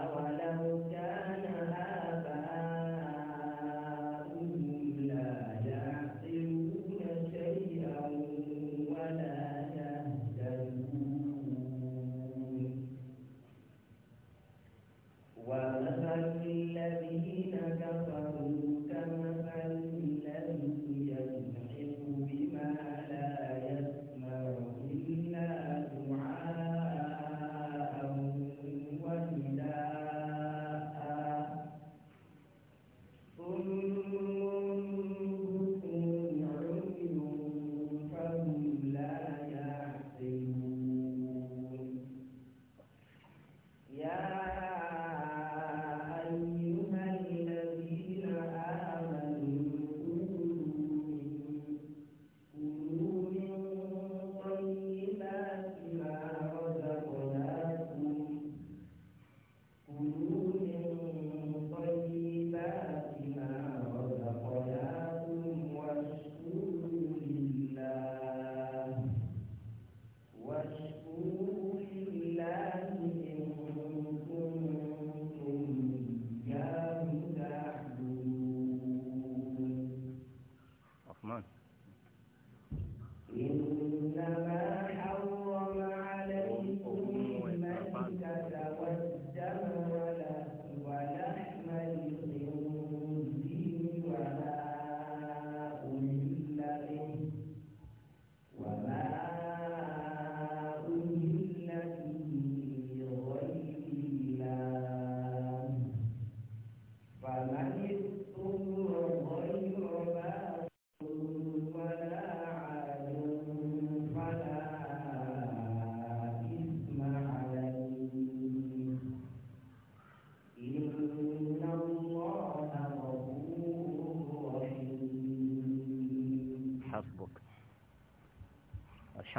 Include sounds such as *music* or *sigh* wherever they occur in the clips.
àwọn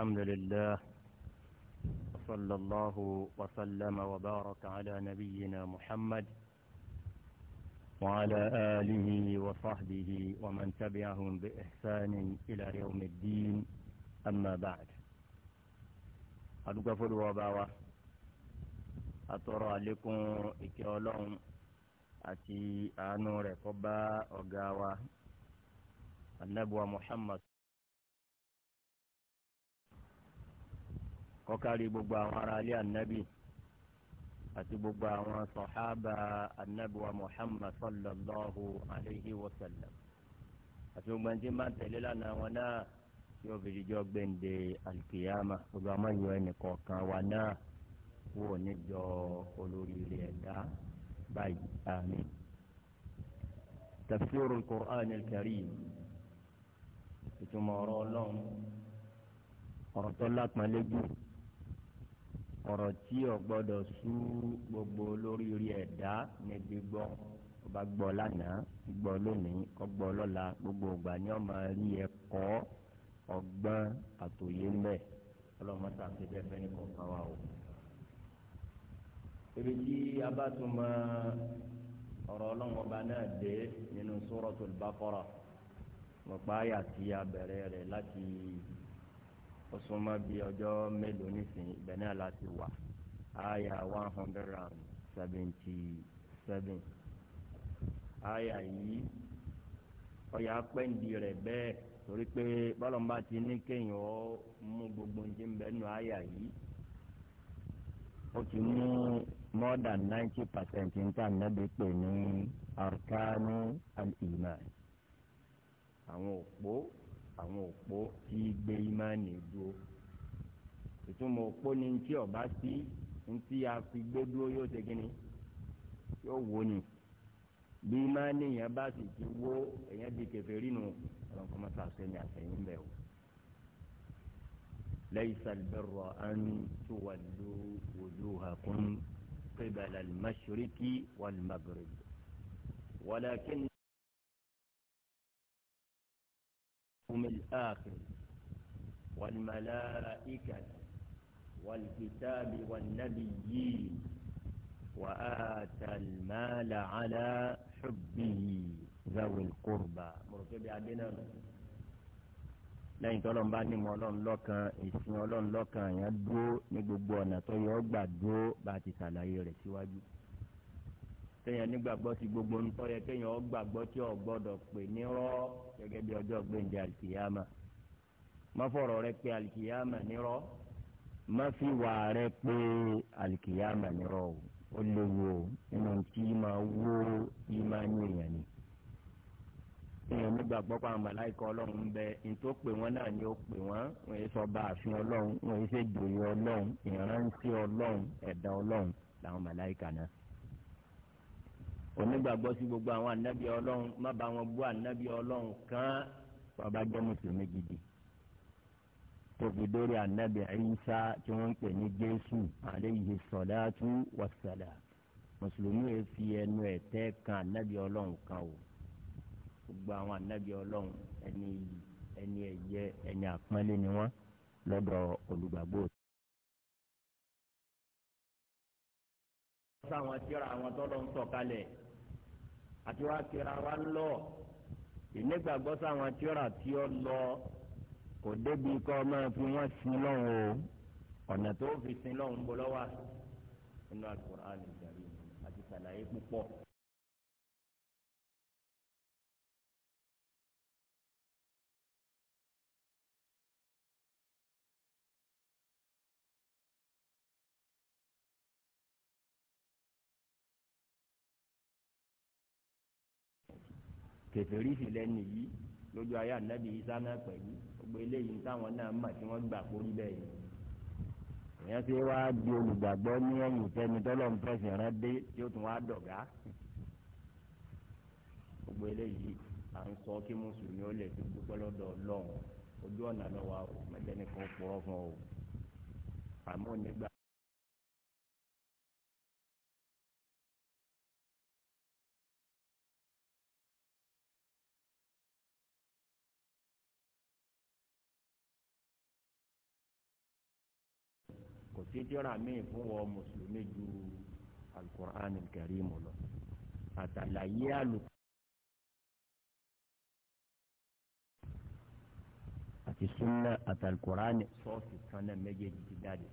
الحمد لله وصلى الله وسلم وبارك على نبينا محمد وعلى آله وصحبه ومن تبعهم بإحسان إلى يوم الدين أما بعد أدقف الوباوة أترى لكم إكيولون أتي آنور قبا وقاوة النبوة محمد ọkàrí gbogbo àwọn ará ilé ànábì àti gbogbo àwọn sọ̀hábà ànábì wa muhammad sallallahu alayhi wa sallam àti gbogbo ẹni tí ń bá tẹ̀lé lánàá wọn náà tí ó fi dijọ́ gbẹ̀ǹde alkiyama gbogbo àwọn yòó ẹnì kọ̀ọ̀kan wa náà wò ní jọ olórí ẹ̀dá báyìí àmín. تفسير القرآن الكريم ìtumọ̀ ọ̀rọ̀ ọlọ́run ọ̀rọ̀ tó ọ̀rọ̀ tí o gbọ́dọ̀ sú gbogbo olóríire ẹ̀dá ní gbígbọ́ o bá gbọ́ lánàá gbọ́ lónìí kọ́ gbọ́ lọ́la gbogbo ìgbà ni o máa rí ẹ̀kọ́ ọgbọ́n àtòyé mẹ́ ọlọ́mọ sàfihàn bẹ́ẹ̀ fẹ́ ní kọ̀ọ̀kan wa o. ibi tí a bá tún máa ọ̀rọ̀ ọlọ́mọba náà dé nínú Suratul Baqara mo pa àyà tí a rẹ̀ láti ó súnmọ́ bí ọjọ́ mélòó nísìnyí ibẹ̀ náà láti wà àyà one hundred and seventy seven àyà yìí ọ̀yà pẹ́ǹdì rẹ̀ bẹ́ẹ̀ torí pé bọ́lọ̀mbà ti ní kéèyàn ó mú gbogbo ní bẹ́ẹ̀ nù àyà yìí ó ti mú more than ninety percent níta nàbí pè ní arkanu al-iman àwọn òpó àwọn òpó tí gbé ìmánì dúró ìtumọ̀ òpó ni tí ọba sí ntí a fi gbé dúró yóò ṣe kí ni yóò wó ni bí ìmánì yẹn bá sì ti wó èyàn di kèfèrí nù ọ̀rọ̀ kọ́mọ́ sàṣẹ ni àtẹ̀yìn bẹ̀ o. ليس البر أن تولوا وجوهكم قبل المشرق والمغرب ولكن واليوم الآخر والملائكة والكتاب والنبيين وآتى المال على حبه ذوي القربى مرتبي عندنا lẹ́yìn tọ́lọ́n bá ní mọ ọlọ́run lọ́kan ìsìn ọlọ́run lọ́kan yẹn dúró ní gbogbo ọ̀nà tó yọ ọ́ gbà dúró bá ti ṣàlàyé rẹ̀ síwájú. Si kéèyàn nígbàgbọ́ ti gbogbo ńtọ́ yẹ kéèyàn ó gbàgbọ́ tí ò gbọ́dọ̀ pè nírọ́ gẹ́gẹ́ bí ọjọ́ gbẹ̀ǹdẹ̀ àlìkìyàmà má fọ̀rọ̀ rẹ pé àlìkìyàmà má fi wà rẹ pé àlìkìyàmà o léwu o nínú tí máa wó tí máa ní èèyàn ni. nígbàgbọ́ pa àwọn ọlọ́run ń bẹ onígbàgbọ́ sí gbogbo àwọn ànábì ọlọ́run má bá wọn bú ànábì ọlọ́run kan bàbá jẹ́ mùsùlùmí gidi tóbi dórí ànábì Ìsá tí wọ́n ń pè ní Jésù alayhi salatu wassalam mùsùlùmí yẹn fi ẹnu ẹ̀tẹ́ kan ànábì ọlọ́run kan o gbogbo àwọn ànábì ọlọ́run ẹni ẹni ẹ̀yẹ ẹni àpọ́nlé ni wọ́n lọ́dọ̀ olùgbàgbọ́. sáwọn tíra àwọn tọ́lọ́ ń sọ̀kalẹ̀ àti wá tira wa ń lọ ìnígbàgbọ́ sáwọn tíra tí ó lọ kò débi kọ́ máa fi wọ́n sin lọ́hùn o ọ̀nà tó fi sin lọ́hùn ń bọ́ lọ́wọ́ inú Al-Qur'an àti sàlàyé púpọ̀. kèfèrí sì lẹ́nu yìí lójú ayé ànábì Ìsá náà pẹ̀lú gbogbo eléyìí táwọn náà mà tí wọ́n gbà kórí bẹ́ẹ̀ yìí èèyàn ti wá di olùgbàgbọ́ ní ẹ̀yìn tẹ́ni tọ́lọ́mù fẹsẹ̀ rán dé tí ó tún wá dọ̀gá gbogbo eléyìí à ń sọ kí mùsùlùmí ó lè fi dúpẹ́ lọ́dọ̀ Ọlọ́run ojú ọ̀nà lọ́wọ́ àwọn mẹ́tẹ́ni kan pọ̀ fún ọ àmọ́ nígbà sí tíra míì fún wọn mùsùlùmí ju alukur'an karim lọ àtàlàyé àlù. àti sunna àti alukur'an sọ́ọ̀sì kan náà méjèèjì ti jáde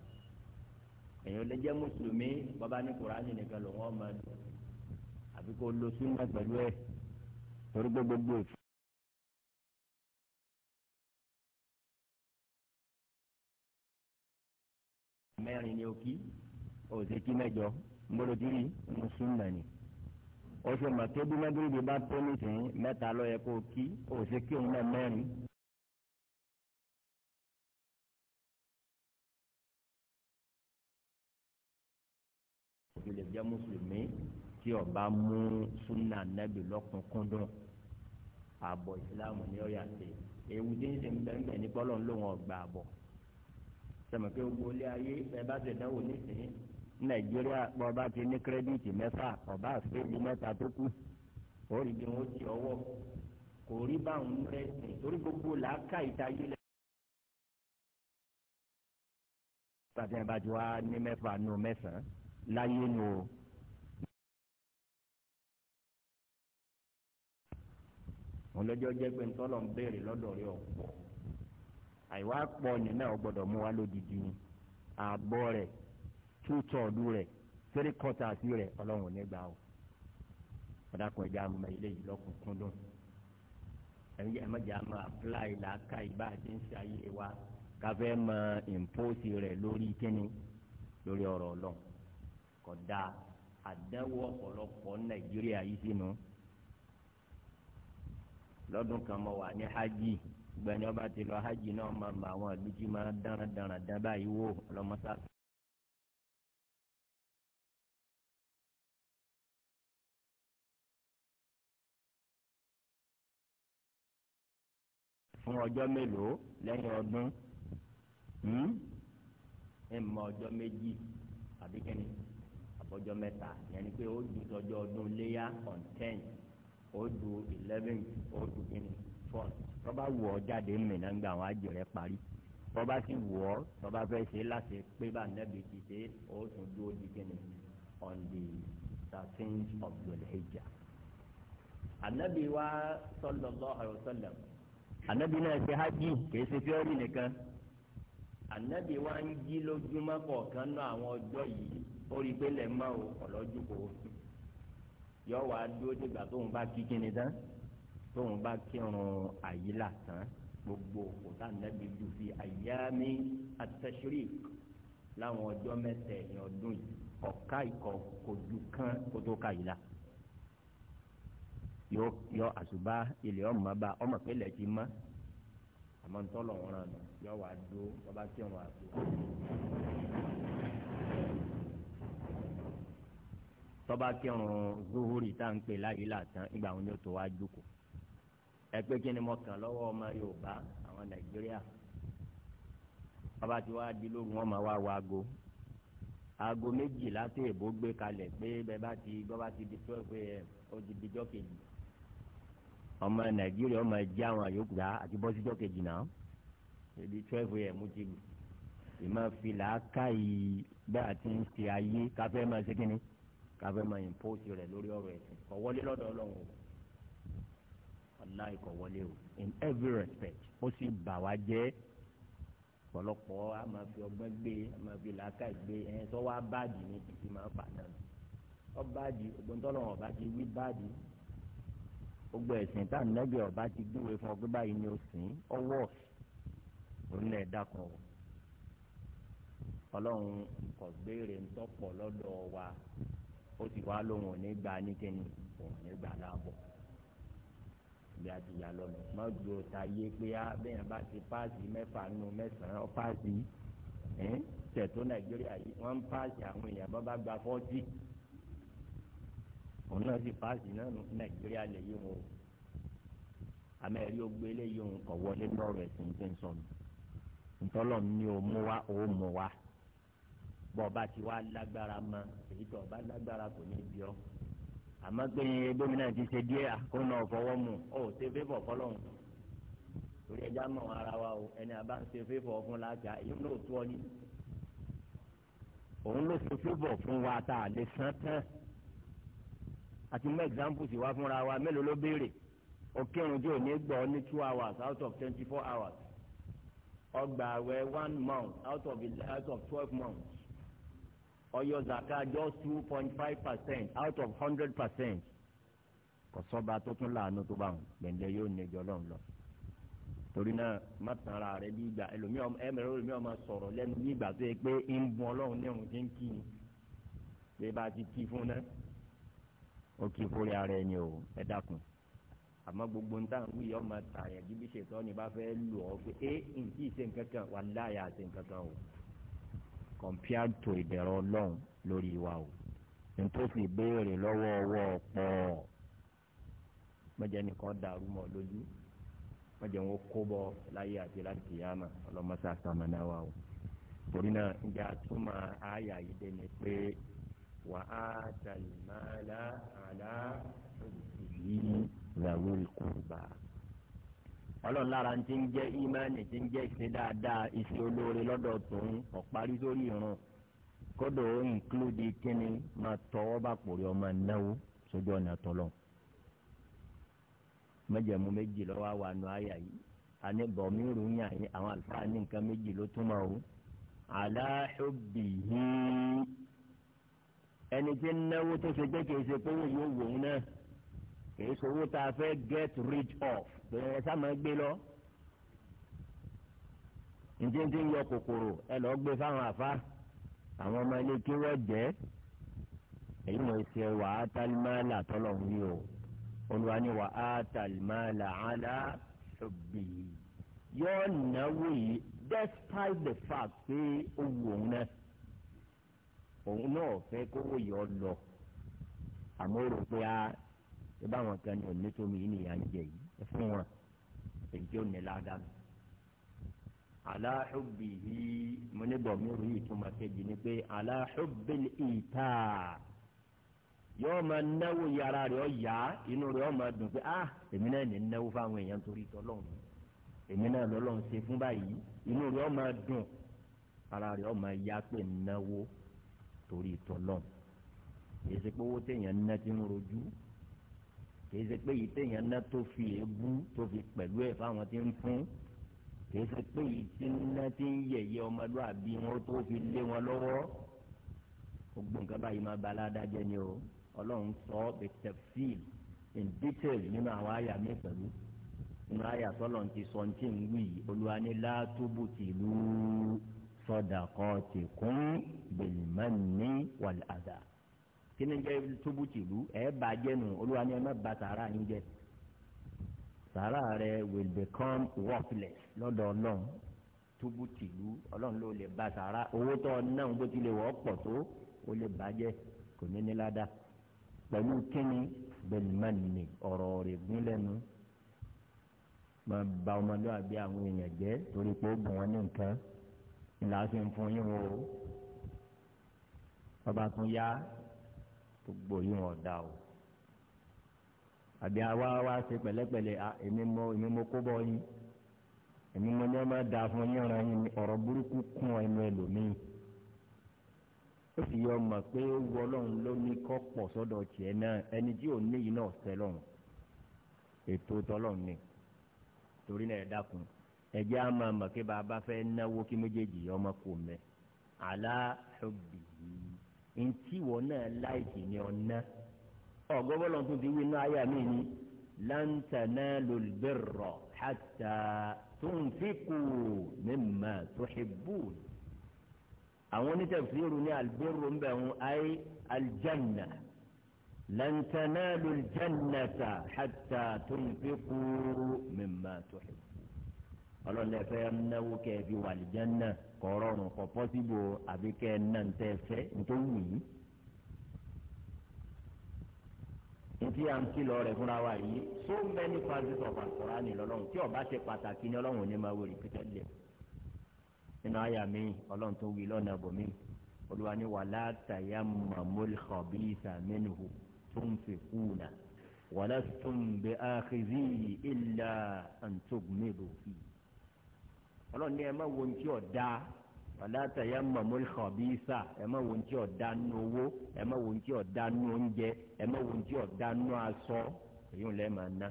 èèyàn lè jẹ́ mùsùlùmí bàbá ní kur'ani nìkan ló wọ́n máa lò àbí kó lo sunna pẹ̀lú torí gbogbo gbòòfin. mẹ́rin ni o kí òsè kí mẹ́jọ mbólodiri mùsùlùmí ni o ṣe mọ̀ kébí mẹ́gírídì bá tó nísìnyí mẹ́ta ló yẹ kó kí òsè kí òun náà mẹ́rin. òfin lè jẹ́ mùsùlùmí tí ó bá mú súnà nẹ́bí lọ́kùnkúndùn ààbọ̀ ìsìláàmù ni ó yà sí ewu tí ń ṣe ń bẹ́ẹ̀ nípa ọlọ́run lòun ọ̀gbà àbọ̀ sọmọkẹ́ gbogbo ilé ayé ẹ bá ti dánwò nísìnyí nàìjíríà pọ̀ bá ti ní kírẹ́díìtì mẹ́fà ọ̀bá àfẹ́lú mẹ́ta tó kù ó rí bí wọ́n ti ọwọ́ kò rí báwọn mẹ́sìn torí gbogbo làákà ìtayé lẹ́ pàtẹ́ ẹ̀ bá ti wá ní mẹ́fà nù mẹ́sàn-án láyé nù o. wọn lọ́jọ́ jẹ́ pé ntọ́lọ́ ń béèrè lọ́dọ̀ rẹ̀ ọ̀pọ̀ àìwá pọ̀ yẹn náà gbọ́dọ̀ mú wa lódìdí ni ààbọ̀ rẹ̀ two third rẹ̀ three quarters rẹ̀ ọlọ́run ò ní gbà o ọ̀dàkùn ẹ̀já àmọ́ ilé yìí lọ́kùnkúndùn ẹ̀yìn ẹ̀mẹ́jà máa apply làákà ìbá àti ìṣe ayé wa káfẹ́ mọ ìmpósì rẹ̀ lórí kíni lórí ọ̀rọ̀ ọlọ́run kódà àdánwò ọ̀pọ̀lọpọ̀ nàìjíríà yìí sínú lọ́dún kan mo wà ní hajj gbẹ̀ni ọba ti lọ hajj náà máa ma àwọn àdúgbò máa dára dára dábàá yìí wò ọlọ́mọsá. fún ọjọ́ mélòó lẹ́yìn ọdún hmm? ẹ mọ ọjọ́ méjì àbí kẹ́ni àbọ̀jọ́ mẹ́ta yẹn ni pé ó ju ọjọ́ ọdún léyà on ten ó ju eleven ó ju kẹ́ni fọ́ tọ́ba wù ọ́ jáde mìíràn gba àwọn àjò rẹ̀ parí tọ́ba sì wù ọ́ tọ́ba fẹ́ ṣe láti pé bá nẹ́bi ti ṣe ó tún dúró di kíni on the thirteenth of Dhul-Hijjah. ànábì wa sallallahu alaihi wasallam ànábì náà ṣe hajj kìí ṣe fíọ́rì nìkan ànábì wa ń jí lójúmọ́ kọ̀ọ̀kan náà àwọn ọjọ́ yìí ó rí i pé lẹ́ẹ̀ máa ò ọ̀lọ́jú kò yọ wàá dúró dìgbà tóun bá kí kíni tán tóun bá kírun àyílà tán gbogbo òkúta nẹ́bí ju fi àyàmí àtẹ̀sírì láwọn ọjọ́ mẹ́tẹ̀ẹ̀yìn ọdún yìí ọ̀ka ikọ̀ kojú kan kótó ka yìí la yọ yọ àṣùbá ilẹ̀ ọmọ bá ọmọ pẹ̀lẹ́ ti mọ́ àmọ́ ntọ́lọ̀ wọn ràn yọ wá dó bàbá tí àti tọ́ba kírun zuhuri tá à pè láyé làtàn ìgbà wọn yóò tó wá jókòó ẹgbẹ́ gíní mo kàn lọ́wọ́ ọmọ Yorùbá àwọn Nàìjíríà bàbá tí wàá di lóru wọn máa wá wá aago aago méjìlá tó èbó gbé kalẹ̀ pé bẹ́ẹ̀ bá ti bọ́ bá ti di twelve am ó ti di jọ́ kejì ọmọ Nàìjíríà ọmọ ẹ̀jẹ̀ àwọn àyókù rà àti bọ́ sí jọ́ kejì náà ebi twelve am ti lù ìmọ̀ fìlà káyì bẹ́ẹ̀ àti ń ṣe ayé káfẹ́ máa ṣe kínní káfẹ́ máa impose rẹ̀ lórí ọ̀rọ̀ ẹ̀sìn kọ̀ wọlé lọ́dọ̀ Ọlọ́run o wàláì kò wọlé o in every respect ó sì bà wá jẹ́ pọ̀lọpọ̀ a máa fi ọgbọ́n gbé a máa fi làákà gbé ẹ sọ wá báàdì ní títí máa fà náà ọ báàdì ògbóntọ́lọ́ ọba ti wí báàdì gbogbo ẹ̀sìn tá à ń lẹ́gbẹ̀ẹ́ ọba ti dúwe fún ọgbẹ́ báyìí ni ó sìn ọwọ́ orílẹ̀ ẹ̀dá kan o ọlọ́run kò béèrè ńtọ́pọ̀ lọ́dọ̀ wa ó sì wá lóhùn ò ní gba láàbọ̀ bí a ti yà lọ́nà má ju ọ̀tá yé pé á bẹ́ẹ̀ bá ti páàsì mẹ́fà nù mẹ́sàn-án páàsì tẹ̀tọ́ nàìjíríà yìí wọ́n ń páàsì àwọn èèyàn bá bá gba fọ́tì òun náà sì páàsì náà nù nàìjíríà lè yí wọn o amẹ́rí ogbe eléyìí òun kọ̀ wọlé lọ́rọ̀ ẹ̀sìn tí ń sọnù ntọ́lọ̀ ní o mú wa o mú wa bọ́ọ̀ bá ti wá lágbára mọ́ èyí tó o lágbára kò ní bí ọ́ àmọ́ pé gómìnà ti ṣe díẹ̀ àkóńnà ọ̀fọwọ́ mu ó ṣe fífọ̀ fọlọ́hún torí ẹja mọ̀ ara wa o ẹni àbá ń ṣe fífọ̀ fún lájà èyí ló tó ọ ní. òun ló ṣe fífọ̀ fún wa tá a lè san tán àti mú ẹ̀xámpù sí wa fúnra wa mélòó ló béèrè ó kírun tí ò gbọ́ ní two hours out of twenty four hours ọgbà àwẹ̀ one month out of twelve months ọyọ zaka just two point five percent out of hundred percent kò sọ́ba tó tún láàánú tó bá wọn gbẹ̀ndẹ̀ yóò ní ẹjọ́ lọ́n lọ. torí náà má tan ara rẹ bí ìgbà ẹlòmíọ ẹmẹrẹ ẹlòmíọ máa sọ̀rọ̀ lẹ́nu bí ìgbà tó yẹ pé ń bu ọlọ́run ní ẹ̀hún tí ń kí ni pé bá a ti kí fún náà ó kí fúri ara ẹni o ẹ dákun àmọ́ gbogbo ń tàn wí ọmọ tààyà jíbi ṣètọ́ ni bá fẹ́ lù ọ́ pé é ǹkí ṣe nǹkan kan wà láyà ṣe nǹkan kan o compared to ìbẹ̀rẹ̀ ọlọ́run lórí wa o nítòsí ìbéèrè lọ́wọ́ ọwọ́ pọ̀ mọ̀jẹ̀ nìkan dàrú mọ́ lójú mọ̀jẹ̀ wọn kó bọ́ láyé àti láti kìyàmà ọlọ́mọṣà sàmánà wa o torí náà ìjà túmọ̀ àyà yìí dé ni pé wà á tàlímàlà àlà òbí làwọn ìkùrùbà ọlọ́run lára ti ń jẹ́ ìmánì ti ń jẹ́ ìṣe dáadáa ìṣe olóore lọ́dọ̀ tòun ọ̀parí sórí ìrun kódò ó ìnkúlódì kíni máa tọwọ́ bá pòrí ọmọ náwó sójú ọ̀nà tọ́lọ̀ mẹ́jẹ̀mú méjì lọ́wọ́ àwọn àna àyà yìí anibọ̀ mi rò ń yàn yín àwọn àlùfáà ní nǹkan méjì ló túmọ̀ o aláhùbìhí ẹni tí náwó tó ṣe jẹ́ kìí ṣe pé wọ́n yóò wò ó náà kìí ṣe owó tá a fẹ́ get rid of gbẹ̀yìn rẹ̀ sáà máa gbé lọ ntí ń yọ kòkòrò ẹ lọ gbé fáwọn àfa àwọn ọmọ ilé kí wọ́n jẹ́ èyí mọ̀ ṣe wà á tálímàlà tọ́lọ̀ ń o olùwà ni wà á tálímàlà àlá ṣòbí yóò náwó yìí despite the fact pé ó wù òun náà òun náà fẹ́ kówó yìí ọ lọ àmọ́ rò pé a ah, ṣé báwọn kan ní òní yìí nìyà ń jẹ yìí fún wọn èyí tí ó ní ládàá aláhùbìhì mo ní bọ̀ mi rí ìtumọ̀ kejì ni pé aláhùbì ìta yóò máa náwó yàrá rẹ̀ ọ̀yá inú rẹ̀ ọ̀ máa dùn pé ah èmi náà ní náwó fáwọn èèyàn torí tọ́lọ́run èmi náà lọ́lọ́run ṣe fún báyìí inú rẹ̀ ọ̀ máa dùn ara rẹ̀ ọ̀ máa yá pé náwó torí tọ́lọ́run èsì pé owó téèyàn ń ná ti ń rojú kìí ṣe pé yìí téèyàn ná tó fi èébú tó fi pẹ̀lú ẹ̀ fáwọn tí ń fún kìí ṣe pé yìí tí ná tí ń yẹ̀yẹ́ ọmọlúwàbí wọn tó fi lé wọn lọ́wọ́ gbogbo nǹkan báyìí máa ba aládájẹ́ ni o ọlọ́run sọ ọ́ bẹ tẹ̀fíìl in detail nínú àwọn àyà mi pẹ̀lú nínú àyà sọ́lọ́n ti sọ ní tí ń wí yìí olúwa ní látúbù tìlú sọdàkọ́ tìkún bèlìmọ́ni wàlàdà kíni jẹ́ tóbùtìlú ẹ̀ bàjẹ́ nù olúwa ni ẹ má ba sàárà yín jẹ́ sàárà rẹ will become worthless lọ́dọ̀ ọlọ́run tóbùtìlú ọlọ́run ló lè ba sàárà owó tó náà bó tilẹ̀ wọ́ pọ̀ tó ó lè bàjẹ́ kò ní ní ládàá pẹ̀lú kíni bẹ́ẹ̀ni ọ̀rọ̀ rẹ̀ gún lẹ́nu máa ba ọmọdé àbí àwọn èèyàn jẹ́ torí pé ó bùn wọn ní nǹkan ìlàsìn fún yín o ọba tún yá gbogbo yìí wọn dá o àbí àwa wa ṣe pẹ̀lẹ́pẹ̀lẹ́ èmi mo èmi mo kó bọ yín èmi mo ní ọmọ da fún yín ọ̀ràn yín ọ̀rọ̀ burúkú kún ẹnu ẹlòmíì ó sì yọ ọmọ pé ó wọ ọlọ́run ló ní kọ́ pọ̀ náà ẹni tí ò ní yìí náà ni torí náà ẹ dákun kí bàbá fẹ́ náwó kí méjèèjì ọmọ kò ntí wọ náà láìsí ni ọ̀nà ọ̀gọ́bọ́lọ̀ tó ti wí náà ayà mí ni lantana lulbirra hatta tunfiku mimma tuhibbun àwọn onítẹ̀fìrù ní albirru ń bẹ̀ wọn ayé aljanna lantana luljannata hatta tunfiku mimma tuhibbun ọlọ́lẹ́fẹ́ náwó kẹ́ẹ̀fì wà aljanna kọ̀ọ̀rọ̀rùn kọ̀ pọ́síbò àbí kẹ́ nà ń tẹ́ ẹ Ntí à ń kìlọ̀ rẹ̀ fúnra wa yìí so many verses of Al-Qur'an ni lọ́lọ́run tí ọba ṣe pàtàkì ni ọlọ́run ò ní máa wò repeatedly. Nínú àyà mi, ọlọ́run tó wí lọ́nà bòmí, olúwa ni wala tayammamul khabitha minhu tunfiquna walastum bi'akhidhihi illa an tughmidu fihi ọlọ́run ní ẹ má wo ní tí ọ̀ wàlá tàyà mọ̀mọ́lì khabisa ẹ má wo ntí ọ̀dá nu owó ẹ má wo ntí ọ̀dá nu oúnjẹ ẹ má wo ntí ọ̀dá nu aṣọ èyí ò lẹ́ máa ná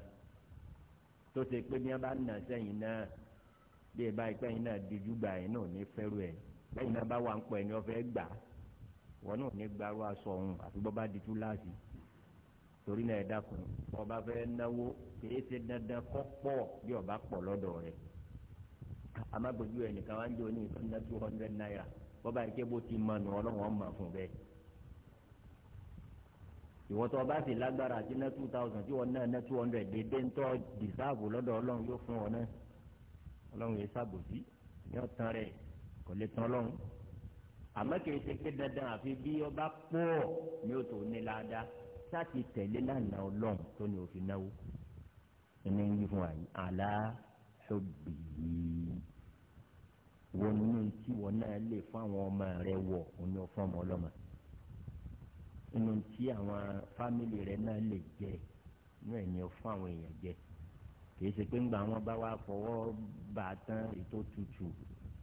tó ṣe pé bí wọ́n bá nà sẹ́yìn náà bí ẹ bá ipá yìí náà dojú gbà yìí náà ní fẹ́rù ẹ̀ lẹ́yìn náà bá wà ń pọ̀ ẹni ọ̀fẹ́ gbà wọn náà ní gbàrú aṣọ ọ̀hún àfi bọ́ bá di tú láàsì torí náà ẹ dákun ọba fẹ́ náwó kì dandan kọ́ pọ̀ bí ọba pọ̀ lọ́dọ̀ rẹ̀ amagbèjú ẹ̀ nìkan wá ń jẹ́ oní ìtọ́jú náà two hundred naira bọ́ba yìí ké bó ti mọ nù ọlọ́run ọmọ fún bẹ́ẹ̀ ìwọ́tọ̀ ọba sì lágbára àti ná two thousand tí wọ́n náà ná two hundred dédé ń tọ́ dìsáàbù lọ́dọ̀ ọlọ́run yóò fún ọ náà ọlọ́run yóò sábòsí ní ọ̀tàn rẹ̀ kò lè tán ọlọ́run àmọ́ kìí ṣe pé dandan àfi bí ọba pọ̀ ní o tó ní ládàá sáà ti tẹ̀lé lánàá ọlọ́run tó ní òfin náwó hubbihi wọn ní tí wọn náà lè fáwọn ọmọ rẹ wọ òun yóò fún ọmọ ọlọ́mọ inú tí àwọn fámìlì rẹ náà lè jẹ inú ẹ̀yìn fún àwọn èèyàn jẹ kìí ṣe pé ńgbà wọn bá wá fọwọ́ bá a tán ètò tutù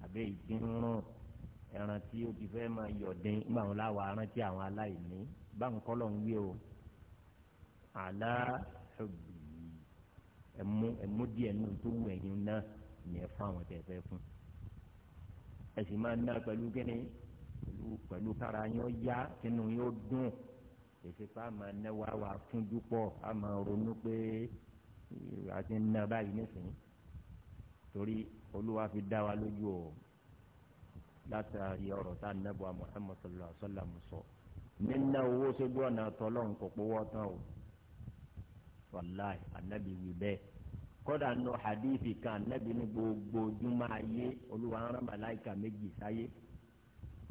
àbẹ ìdínrún ẹran tí ó ti fẹ́ máa yọ̀dín ńgbà wọn láwọ arántí àwọn aláìní báwọn kọ́ lọ́n wí o àlá hubbihi ẹ̀mú ẹ̀mú díẹ̀ nù tó wù ẹ̀yìn náà ni ẹ̀ fún àwọn tẹ̀ fẹ́ fún. ẹ sì máa ná pẹ̀lú kíni pẹ̀lú pẹ̀lú kára yín ó yá kínú yín ó dùn èsì pa máa náwó wa fún dúpọ̀ a máa ronú pé àti ná báyìí nísìnyí torí olúwa fi dá wa lójú o látàrí ọ̀rọ̀ tá a nẹ́bù àmọ́ ẹ̀ mọ̀ sọ́lá sọ́lá mọ̀ sọ nínú owó sójú ọ̀nà àtọ́lọ́ nǹkan pọ̀ wọ́tán o wàláì anabi wí bẹ́ẹ̀ kódà nù hadithi kan anabi ní gbogbo juma ayé olúwa ń rán malaika méjì sáyé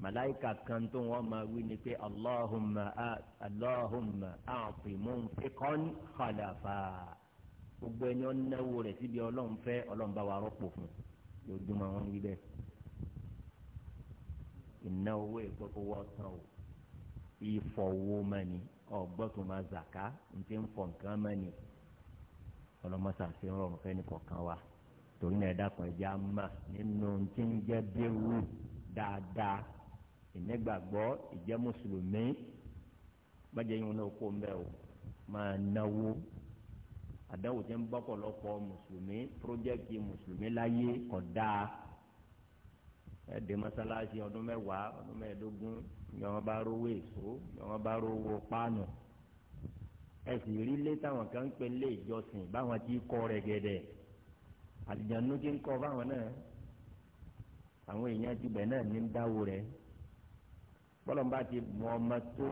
malaika kan tó wọn máa wí ni pé allahumma a allahumma a'ti munfiqan khalafa gbogbo ẹni ọ̀nàwó rẹ̀ síbi ọlọ́run fẹ́ ọlọ́run bá wa rọ́pò fún yóò juma wọn wí bẹ́ẹ̀ ìnáwó ìgbọ́kọ̀wọ́ tán o ìfọ̀wọ́ mọ́ni ọ̀gbọ́tùmá zàká ń ti ń fọ nǹkan mẹ́ni ọlọ́mọṣà ṣe ń rọrùn fẹ́ni kọ̀ọ̀kan wa torí náà ẹ̀dá kan ẹja mà nínú tí ń jẹ́ bẹ́rù dáadáa ìnẹ́gbàgbọ́ ìjẹ́ mùsùlùmí gbàjẹ́ yín náà kó mbẹ́ o máa náwó àdáwò tí ń bọ́pọ̀lọpọ̀ mùsùlùmí pírójẹ́kì mùsùlùmí láyé kódà ẹ̀ẹ́dẹ́ mọ́sálásí ọdún mẹ́wàá ọdún mẹ́ẹ̀ẹ́dógún bí wọ́n bá rówó èso bí wọ́n bá rówó páànù ẹ̀sìn rí lé táwọn kan ń pè lé ìjọsìn báwọn ti kọ́ rẹ̀ gẹ̀dẹ̀ àlìjánu ti ń kọ́ báwọn náà àwọn èèyàn ti bẹ̀ náà ní ń dáwó rẹ̀ bọ́lọ̀mbà ti mọ ọmọ tó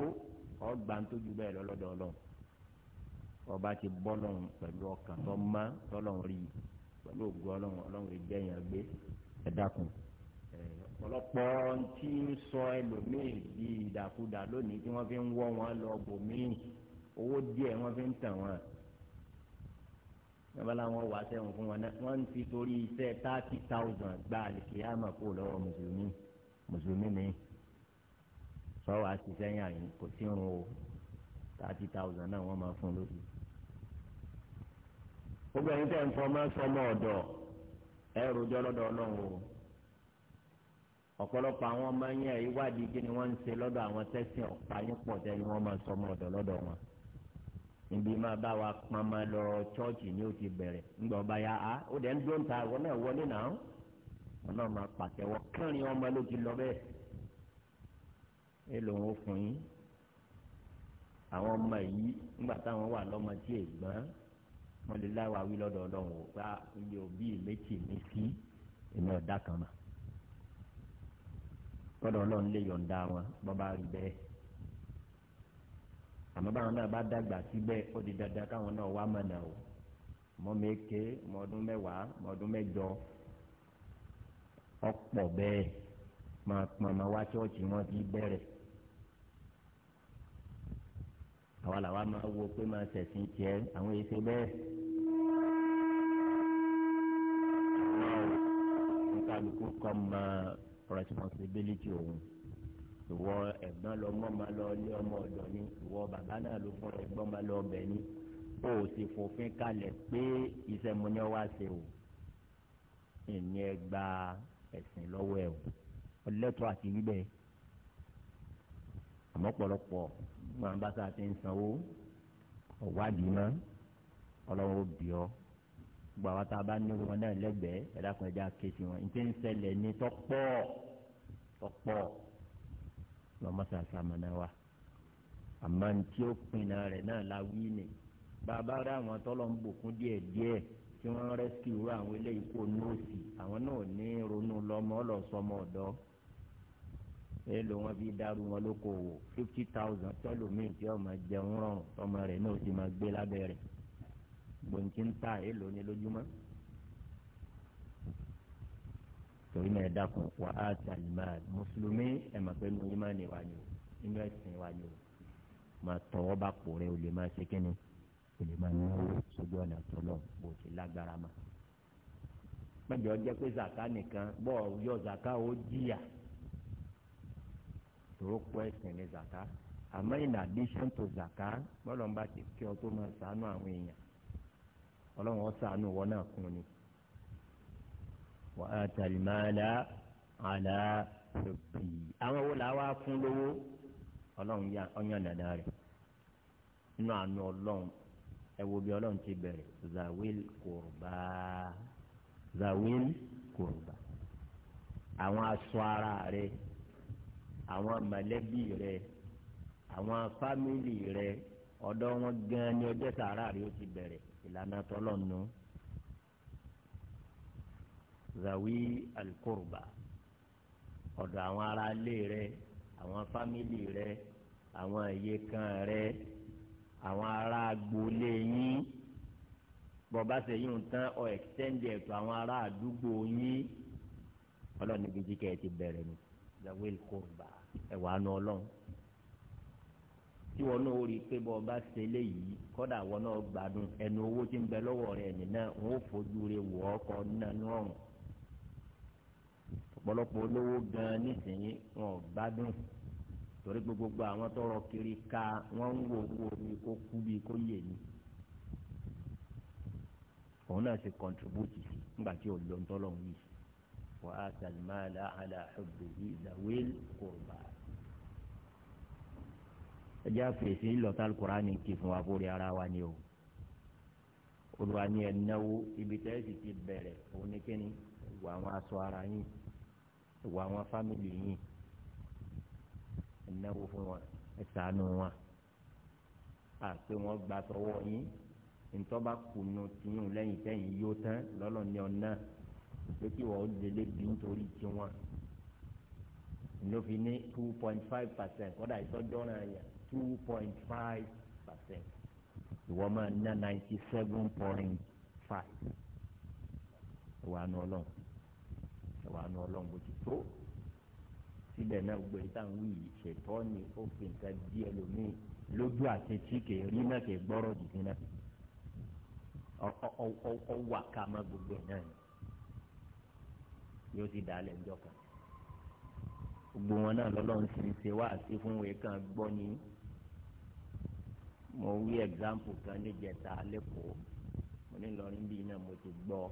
ọgbà ń tójú bẹ́ẹ̀ lọ́lọ́dọọlọ́ ọba ti bọ́lọ̀ pẹ̀lú ọkàn tó mọ́ tọ́lọ̀ rí pẹ̀lú ògùn ọlọ́run ọlọ́run rí gbẹ̀yìn àgbẹ̀ ẹ̀dákùn ọ̀pọ̀lọpọ̀ tí ń sọ ẹlòmíì di ìdàkudà lónìí tí wọ́n fi ń wọ́ wọn lọ bòmíì owó díẹ̀ wọ́n fi ń tàn wọ́n nígbà láwọn wà sẹ́wọ̀n fún wọn náà wọ́n ń fi torí iṣẹ́ thirty thousand gba àlìkìyàmọ̀ kó lọ́wọ́ mùsùlùmí mùsùlùmí mi sọ́wọ́ àṣìṣẹ́ yàn yín kò sí irun o thirty thousand náà wọ́n máa fún lóṣù. gbogbo ẹni tẹ́ ń fọmọ́ sọmọ ọ̀dọ̀ ẹ rojọ́ lọ́dọ̀ ọlọ́run o ọ̀pọ̀lọpọ̀ àwọn ọmọ yẹn ìwádìí kí ni wọ́n ń ṣe lọ́dọ̀ àwọn tẹ́sán ọ̀pá yín pọ̀ tẹ́ ni wọ́n máa sọ ọmọ ọ̀dọ̀ lọ́dọ̀ wọn. níbi máa bá wa pọn máa lọ chọ́ọ̀chì ni ó ti bẹ̀rẹ̀ ńgbà ọba ya á ah, ó dẹ̀ ń dó ń ta àwọn náà wọlé náà wọn náà máa pàtẹ́wọ́ kẹrin ọmọ ló ti lọ bẹ́ẹ̀. èlò wọn fún yín àwọn ọmọ yìí ńgbà táwọn wà lọ́mọ tí ègbọ́n wọn lè láwàá wí lọ́dọ̀ ọlọ́run ah, ò gbá kọ́dọ̀ ọlọ́run lè yọ̀ǹda wọn bọ́ba rí bẹ́ẹ̀ àmọ́ báwọn náà bá dàgbà síbẹ̀ ó di dandan káwọn náà wá mọ̀nà o mọ́ mẹ́kẹ́ mọ́ ọdún mẹ́wàá mọ́ ọdún mẹ́jọ ọ̀pọ̀ bẹ́ẹ̀ máa pọn máa wá ṣọ́ọ̀ṣì wọn ti bẹ̀rẹ̀ àwa làwa máa wo pé máa ṣẹ̀sìn tiẹ̀ àwọn èyí ṣe bẹ́ẹ̀. kálukú kọ́ máa responsibility òun ìwọ ẹ̀gbọ́n lọ mọ́ máa lọ ní ọmọ ọ̀dọ̀ ni ìwọ bàbá náà ló fún ẹ̀gbọ́n máa lọ bẹ̀ ni o ò sì fòfin kalẹ̀ pé iṣẹ́ mo ní ọ wá ṣe o ìní ẹ gba ẹ̀sìn lọ́wọ́ ẹ o ọlẹ́tọ̀ àti wíbẹ̀ àmọ́ pọ̀lọpọ̀ gbọ́n bá sáà ti ń sanwó ọ̀wádìí mọ́ ọlọ́run ó bì ọ́ gbogbo àwọn tá a bá ní wọn náà lẹ́gbẹ̀ẹ́ ẹ̀dá kan ẹja kéésì wọn nítorí ń ṣẹlẹ̀ ní tọ́pọ̀ tọ́pọ̀ lọ́mọ́sá sàmánà wa àmọ́ ní tí ó pinna rẹ̀ náà la wí ni bàbá rẹ̀ àwọn tọ́lọ̀ ń bùkún díẹ̀ díẹ̀ tí wọ́n rẹ́síkìú rẹ̀ àwọn eléyìí kò nóòsì àwọn náà ní ronú lọ́mọ ọlọ́sọmọ ọ̀dọ́ ẹ lò wọn fi dàrú wọn lóko wò fifty thousand tọ́lùmíì tí ọmọ jẹun rọrùn tọmọ rẹ̀ náà ti máa gbé lábẹ́ rẹ̀ gbòǹtì ń ta èèlò ní lójúmọ́ torí náà dákun wà á tàlímà mùsùlùmí ẹ̀ mà pé nínú ìmọ̀ ni wà ní o nínú ẹ̀sìn wà ní o mà tọwọ́ bá pò rẹ o lè máa ṣe kíni o lè máa náwó sójú ọ̀nà tó lọ bó ti lágbára ma. mẹ́jọ jẹ́ pé zaka nìkan bọ́ yọ zaka ó jìyà tòró pọ̀ ẹ̀sìn ní zaka àmọ́ in addition to zaka bọ́lọ̀ ń bá ti kí ọ tó máa sànú àwọn èèyàn ọlọ́run ọ̀sánù wọn náà kún ni. wà á tàlí máa la àlá òbí àwọn wo là wá fún lówó ọlọ́run ọ̀yàn dàda rẹ̀ nínú àánú ọlọ́run ẹ wo bí ọlọ́run ti bẹ̀rẹ̀ zawil kurba zawil kurba àwọn aṣọ ara rẹ̀ àwọn mọ̀lẹ́bí rẹ̀ àwọn fámìlì rẹ̀ ọ̀dọ̀ wọn gan ni ọjọ́ sàárà rẹ̀ ó ti bẹ̀rẹ̀ ìlànà tọ́lọ́nù zawi alukurba ọ̀dọ̀ àwọn ará ilé rẹ àwọn fámìlì rẹ àwọn ẹ̀yẹ kan rẹ àwọn ará agboolé yín bọ̀bá sẹ́yìn tán ọ ẹ̀kítẹ́ndì ẹ̀tọ́ àwọn ará àdúgbò yín ọlọ́ọ̀ni bíjí kẹ́ ẹ ti bẹ̀rẹ̀ ni zawi alukurba ẹ̀wà nù ọlọ́run. tí wọn náà rí i pé bọ́ ọba ṣe léyìí kọ́dà wọn náà gbádùn ẹnu owó tí ń bẹ lọ́wọ́ rẹ̀ fojú rẹ̀ ọkọ̀ nínú ọ̀pọ̀lọpọ̀ olówó gan-an nísìnyí wọn ò gbádùn torí gbogbo àwọn tọrọ kiri ká wọn ń kó kú bí kó yè òun náà ṣe sí nígbà tí ẹjẹ́ àfẹ̀sí ńlọta alukurani kì fún wa kórè ara wa ni o olùwà ni ẹ̀náwó ibi tẹ́ ẹ sì ti bẹ̀rẹ̀ òun ní kíni ìwà àwọn aṣọ ara yín ìwà àwọn fámìlì yín ẹ̀náwó fún wa ẹ ṣàánú wa àti wọn gba tọwọ́ yín ntọ́ba kùnú tìyún lẹ́yìn tẹ́yìn yóò tán lọ́lọ́ ní ọ̀nà pé kí wọ́n lélẹ̀ bí nítorí tiwọn ló fi ní two point five percent kọ́dà ìtọ́jọ́ náà yẹn two point five percent ìwọ máa ná ninety seven point five ẹwà nu ọlọ́run ẹwà nu ọlọ́run bó ti tó síbẹ̀ náà gbogbo ìta ń wí ìṣètọ́ ni ó fi nǹkan díẹ̀ lómi lójú àti tí kè rí náà kè gbọ́rọ̀ jìbí náà ọwà ká má gbogbo ẹ̀ náà ni yóò ti dà á lẹ̀ ńjọ́ kan gbogbo wọn náà lọ́lọ́run sì ń ṣe wá àti fún wọn kan gbọ́ ni mo wí example kan níjẹta lẹ́kọ̀ọ́ mo ní lọrin bíi náà mo ti gbọ́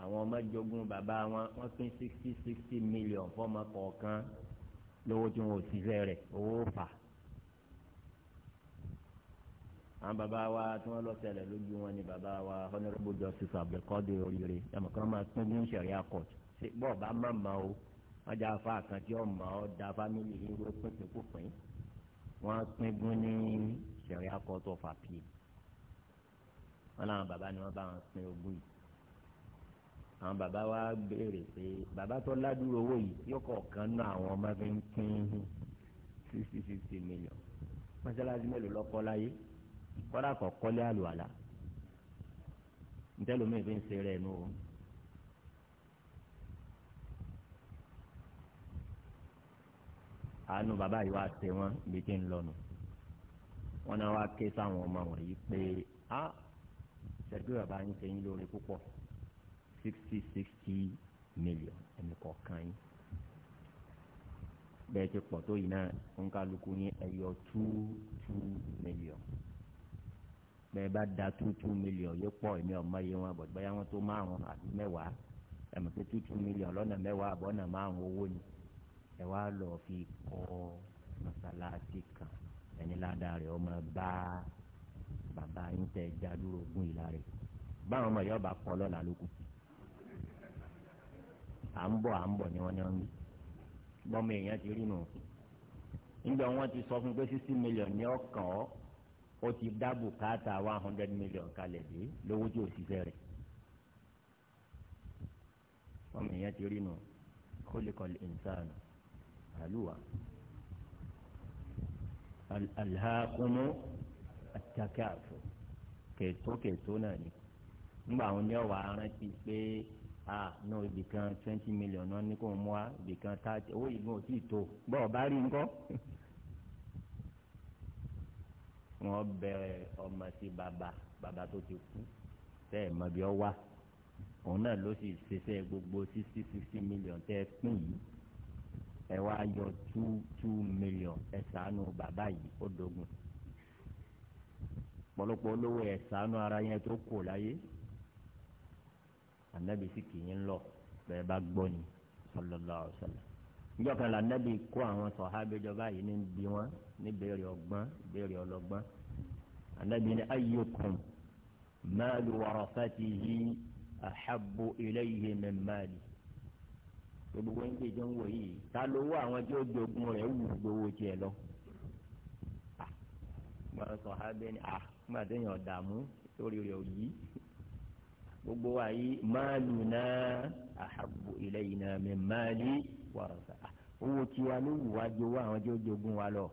àwọn ọmọ bàbá wọn wọ́n pín sixty sixty million fọ́mọ kọ̀ọ̀kan lówó tí wọn ò sí fẹ́ rẹ̀ owó fà àwọn bàbá wa tí wọ́n lọ ṣẹlẹ̀ lójú wọn ni bàbá wa honourable justice abdulkadir oríire ẹ̀mọ̀ kan máa pín ní sẹ̀ríà court bọ́ọ̀ bá má ma o wọ́n já fa àkàntí ọ̀ ma ọ́ da family yìí ló pín pín wọ́n á pín gún ní sẹ̀ríà court of appeal wọ́n làwọn bàbá ni wọ́n bá wọn pín ogún yìí àwọn bàbá wa béèrè pé bàbá tó ládùúrò owó yìí yóò kọ̀ọ̀kan náà àwọn ọmọ fi ń pín sixty sixty million mọ́sálásí mélòó lọ́kọ́ láyé kọ́dà kọ́ kọ́lé àlùwàlà ntẹ́lómi fi ń ṣe rẹ̀ nù o. àánú bàbá yìí wá ṣe wọn bí tí ń lọnu wọn náà wá ké sáwọn ọmọ wọn yìí pé a ṣẹjú bàbá yín ṣe yín lórí púpọ̀ sixty sixty million ẹnì kọ̀ọ̀kan yín bẹ́ẹ̀ ti pọ̀ tó yìí náà ń kálukú ní ẹyọ two two million bẹ́ẹ̀ bá da two two million yẹ pọ̀ èmi ọmọ yẹ wọn àbọ̀ bẹ́ẹ̀ wọn tó márùn-ún àbí mẹ́wàá ẹ̀mọ̀ two two million lọ́nà mẹ́wàá àbọ̀ márùn-ún owó ni ẹ wá lọ fi kọ́ mọ́sálásí kan ẹni ládàá rẹ̀ ọmọ bá bàbá yín tẹ̀ já dúró ogún ìlà rẹ̀ báwọn ọmọ yọba kọ́ lọ́la lókun à ń bọ̀ à ń bọ̀ ni wọ́n ní wọ́n ní bọ́mọ èèyàn ti rí nù nígbà wọn ti sọ fún pé sixty million ní ọkàn ọ́ ó ti dá bùkátà one hundred million kalẹ̀ dé lówó tí ò ṣiṣẹ́ rẹ̀ bọ́mọ èèyàn ti rí nù khuliqal insanu àlùwà alhakumu atakafu kẹtó kẹtó náà ni nígbà àwọn ní ọwọ arántí pé a náà ibì kan twenty million náà ní kò mú wa ibì kan thirty owó yìí náà sì tó bọ́ọ̀ bá rí nǹkan wọn bẹ̀rẹ̀ ọmọ sí bàbá bàbá tó ti kú tẹ ẹ mọ bí ọ wá òun náà ló sì ṣiṣẹ́ gbogbo sixty sixty million tẹ ẹ pín yìí ẹ wá yọ two two million ẹ ṣàánú bàbá yìí ó dogun pọ̀lọpọ̀ olówó ẹ ṣàánú ara yẹn tó kù láyé anabi sì kì í ń lọ bẹ́ẹ̀ bá gbọ́ ni sallallahu alaihi wasallam níjọ́ kan la anabi kó àwọn sọhábẹ jọba yìí ní bí wọn ní béèrè ọgbọ́n béèrè ọlọ́gbọ́n anabi ní ayyukum maalu warasatihi ahabbu ilayhi min maali gbogbo ń gbèjọ ń wò yìí ta ló wọ àwọn tí ó jogun rẹ̀ wù gbowó tiẹ̀ lọ. gbọ́n sọ ha bẹ́ẹ̀ ni à nígbà téèyàn dààmú lórí rẹ̀ ò gbogbo wa yìí máàlù náà àhàbù ilẹ̀ yìí náà mi máàlì wàrọ̀sà owó tiwa ló wù wá jowó àwọn tí ó jogun wa lọ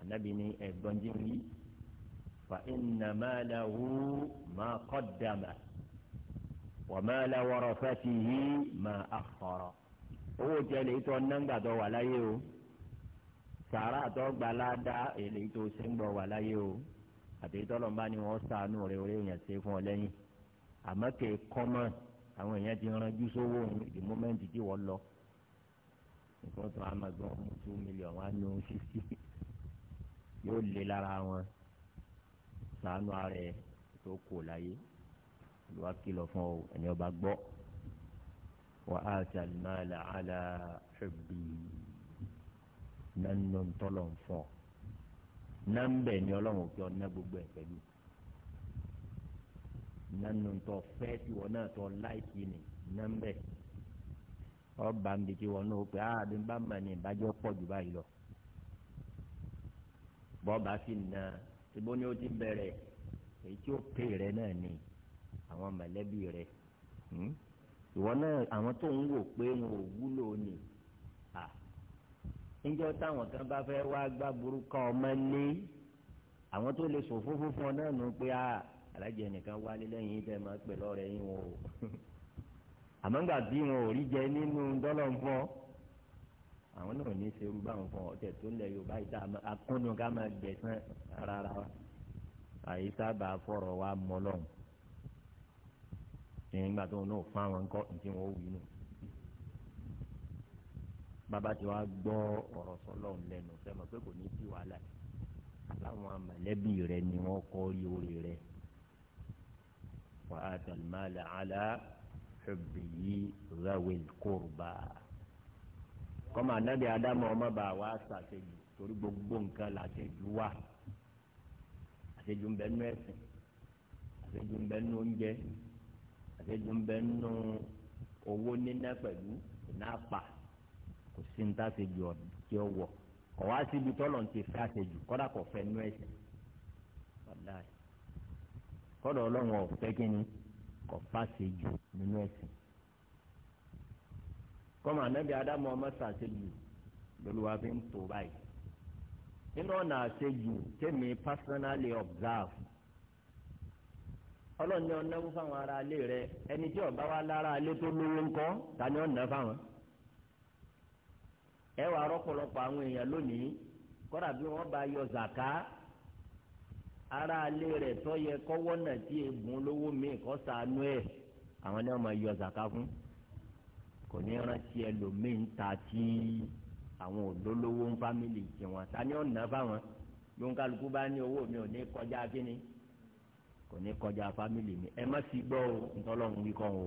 ànábì ni ẹ̀gbọ́n jí wí fa inna máàlà wù má kọ́ dàmà wà máàlà wàrọ̀sà tì yí má àkọ́rọ̀ owó jẹ lè tọ́ nọ́ngbà tó wà láyé o sàrà tó gbà ládàá èlé tó sẹ́ńgbọ̀ wà láyé o àtẹ̀yìntọ́lọ́mbá ni wọ́n sànú rẹ̀ orí èèyàn ṣe fún ọ lẹ́yìn àmọ́ kè kọ́mọ́ àwọn èèyàn ti ranjú sówó ìdí mọ́mẹ́ǹtì tí wọ́n lọ nǹkan tó àmọ́ gbọ́n two million wá nù sixty yóò lé lára wọn sànú ara ẹ̀ tó kò láyé ìlú wa kìlọ̀ fún ọ ẹni ọba gbọ́ wa المال على حبي hubbi nanu ntọlọ nfọ nambẹ ni Ọlọ́run òkè ọ̀nà gbogbo ẹ̀ pẹ̀lú nanu ntọ fẹ́ tí wọn náà tọ láìkì ni nambẹ ọba ń bìtì wọn náà pé ah bí n bá mà ní ìbájọ́ pọ̀ jù báyìí lọ bọ́ọ̀bà sì na ibo ni ó ti bẹ̀rẹ̀ èyí tí ó pè rẹ náà ni àwọn mọ̀lẹ́bí rẹ. Hmm? ìwọ náà àwọn tó ń wò pé wọn ò wúlò ni níjọ táwọn kan bá fẹ́ wá gbá burúkọ ọmọ lé àwọn tó lè sọ fúnfún fún ọ náà nù pé alájẹ nìkan wálé lẹ́yìn tẹ́ máa pè lọ́rẹ̀ yín wọn o *laughs* àmọ́ gbà bí wọn ò rí jẹ nínú dọ́lọ̀ ń fọ́ àwọn náà ní í ṣerú báwọn fọ ọ̀tẹ̀ tó lẹ̀ yorùbá yìí tá a kúnnú ká máa gbẹ̀sán rárá àyíká bá fọ̀rọ̀ wa mọ́ lọ́hùn nígbà tó ń náà fún àwọn nǹkan ǹjẹ́ wọn ò wí nù. bàbá tí wàá gbọ́ ọ̀rọ̀ sọlọ́run lẹ́nu fẹ́ pé kò ní sí wàhálà láwọn mọ̀lẹ́bí rẹ ni wọ́n kọ́ rí rẹ. wà á tẹ̀lẹ́mọ́lẹ̀ àlá ẹ̀bìyí rẹwìl kórba. kọ́mọ anábì adamu ọmọ bá wa ṣàṣejù torí gbogbo nǹkan làṣejù wà àṣejù ń bẹ nú ẹ̀sìn àṣejù ń bẹ nú oúnjẹ àtẹ̀jù ń bẹ nínú owó níná pẹ̀lú ìnápa kò sí ní tàṣejù ọ̀dí ọwọ́ kọ̀ wá síbi tọ́lọ̀ ń ti fẹ́ àṣejù kọ́dà kọ̀ fẹ́ nú ẹ̀sìn kọ́dà ọlọ́run ọ̀fẹ́ kínní kọ̀ fàṣejù nínú ẹ̀sìn kọ́mọ anabi adamu ọmọ sàṣejù lọ́lọ́wọ́ fi ń tó báyìí nínú ọ̀nà àṣejù tẹ̀mí personally observe ọlọ́ni ọ̀nàwó fáwọn ará ilé rẹ ẹni tí ọba wa lára ilé tó lówó ńkọ́ ta ni ọ̀nà fáwọn. ẹ wà rọpòlọpọ̀ àwọn èèyàn lónìí kọ́dà bí wọ́n bá yọ zàká ará ilé rẹ tó yẹ kọ́wọ́ náà tí egun lówó mi kọ́ sànú ẹ̀ àwọn ni wọ́n máa yọ zàká fún kò ní rántí ẹlòmíín ta tí àwọn òdólówó ń fámìlì tiwọn ta ni ọ̀nà fáwọn yóò ń kálukú bá ní owó mi ò ní kọjá kínní kò ní kọjá fámìlì mi ẹ má sì gbọ́ o ntọ́lọ́hún wí kọ́ o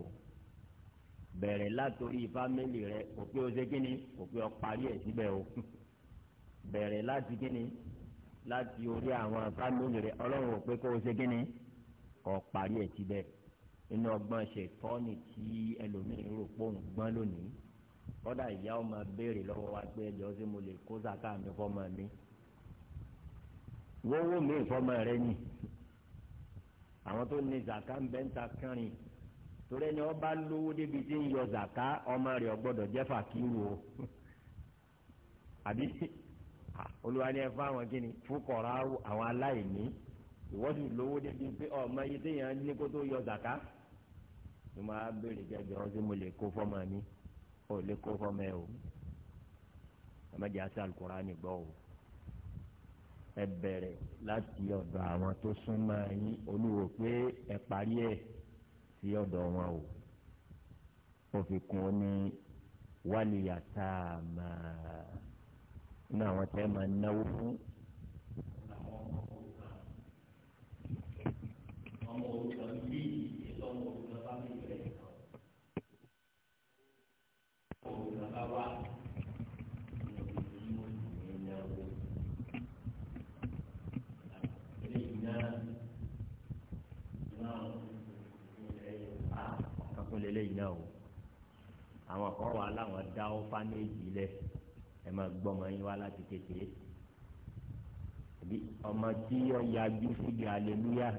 bẹ̀rẹ̀ látòrí fámìlì rẹ kò pé o ṣe kíni kò pé o parí ẹ̀ síbẹ̀ o *laughs* bẹ̀rẹ̀ láti kíni láti orí àwọn fámìlì rẹ ọlọ́run ò pé kó o ṣe kíni kò parí ẹ̀ síbẹ̀ inú ọgbọ́n ṣe tí ẹlòmíín rò pé òun gbọ́n lónìí kọ́dà ìyá ọmọ béèrè lọ́wọ́ wa pé ẹjọ́ sí mo lè kó sàkáà mi fọ́mọ mi wọ́wọ́ mi ìfọ́mọ rẹ ni àwọn tó ní zaka ń bẹ́ ń ta kẹrin torí ẹni wọn bá lówó débi tí ń yọ zaka ọmọ rẹ̀ ọgbọ́dọ̀ jẹ́ fàkíwò àbí olúwa ni ẹ fún àwọn kíni fúkọ̀rọ̀ àwọn aláìní ìwọ́sì lówó débi pé ọmọ yìí téèyàn ní kó tó yọ zaka ni mo á béèrè jẹjọ ọsẹ mo lè kó fọmọ mi ò lè kó fọmọ ẹ o ẹ má jẹ àṣà Al-Kùránì gbọ́ o ẹ bẹ̀rẹ̀ láti ọ̀dọ̀ àwọn tó súnmọ́ yín olúwo pé ẹ parí ẹ̀ sí ọ̀dọ̀ wọn o ó fi kún ó ní wálìyà tá a máa ní àwọn tẹ́ máa náwó fún. ọmọ òkúta tún lélẹ́yìn náà o àwọn kan wà láwọn dá ọ́fánéjì lẹ ẹ máa gbọ́ ọmọ yín wá láti kékeré bí ọmọ tí ó yájú síbi aleluya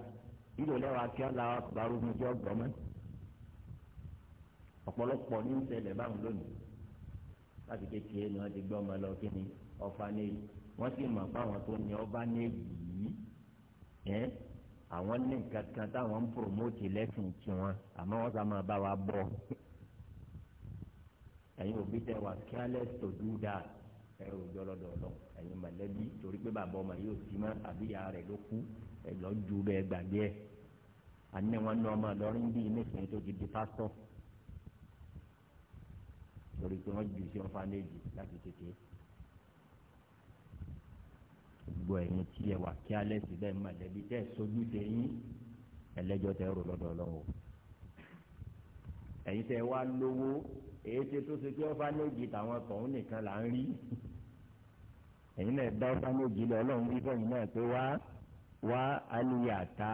ìlò lẹ́wọ̀n akẹ́ la bàrú mi jẹ́ ọgbọ́n mọ́ ọ̀pọ̀lọpọ̀ ní ìṣẹ̀lẹ̀ báwọn lónìí láti kékeré ni wọ́n ti gbọ́ ọmọ lọ kí ni ọ̀fánéjì wọ́n sì mọ̀ fáwọn tó ní ọ̀fánéjì yìí ẹ́ àwọn ní nǹkan kan táwọn ń promote lẹ́sìn tiwọn àmọ́ wọ́n sá máa bá wa bọ̀ ẹ̀yin òbí tẹ wà careless to do that ẹ̀rọ òjọlọ́dọ̀ lọ ẹ̀yin mọ̀lẹ́bí torí pé bàbá ọmọ yóò sí mọ́ àbí ìyá rẹ̀ ló kú ẹ̀ lọ́ ju bẹ́ẹ̀ gbàgbé ẹ̀ àní wọn ní ọmọ lọ́rin bíi nísìnyí tó ti di pásítọ̀ torí pé wọ́n ju sí ọ̀fánẹ́jì láti kékeré gbogbo ẹ̀yin tí ẹ wà kí alẹ́ sí bẹ́ẹ̀ mọ̀lẹ́bí tẹ́ sojú tẹ yín ẹlẹ́jọ́ tẹ rò lọ́dọ̀ lọ́wọ́ ẹ̀yin tẹ wá lówó èyí ṣe tó ṣe kí ọ́fà méjì tàwọn tọ̀hún nìkan là ń rí ẹ̀yin náà dá ọ́fà méjì lọ ọlọ́run bí bẹ́ẹ̀ náà pé wá wá aliyata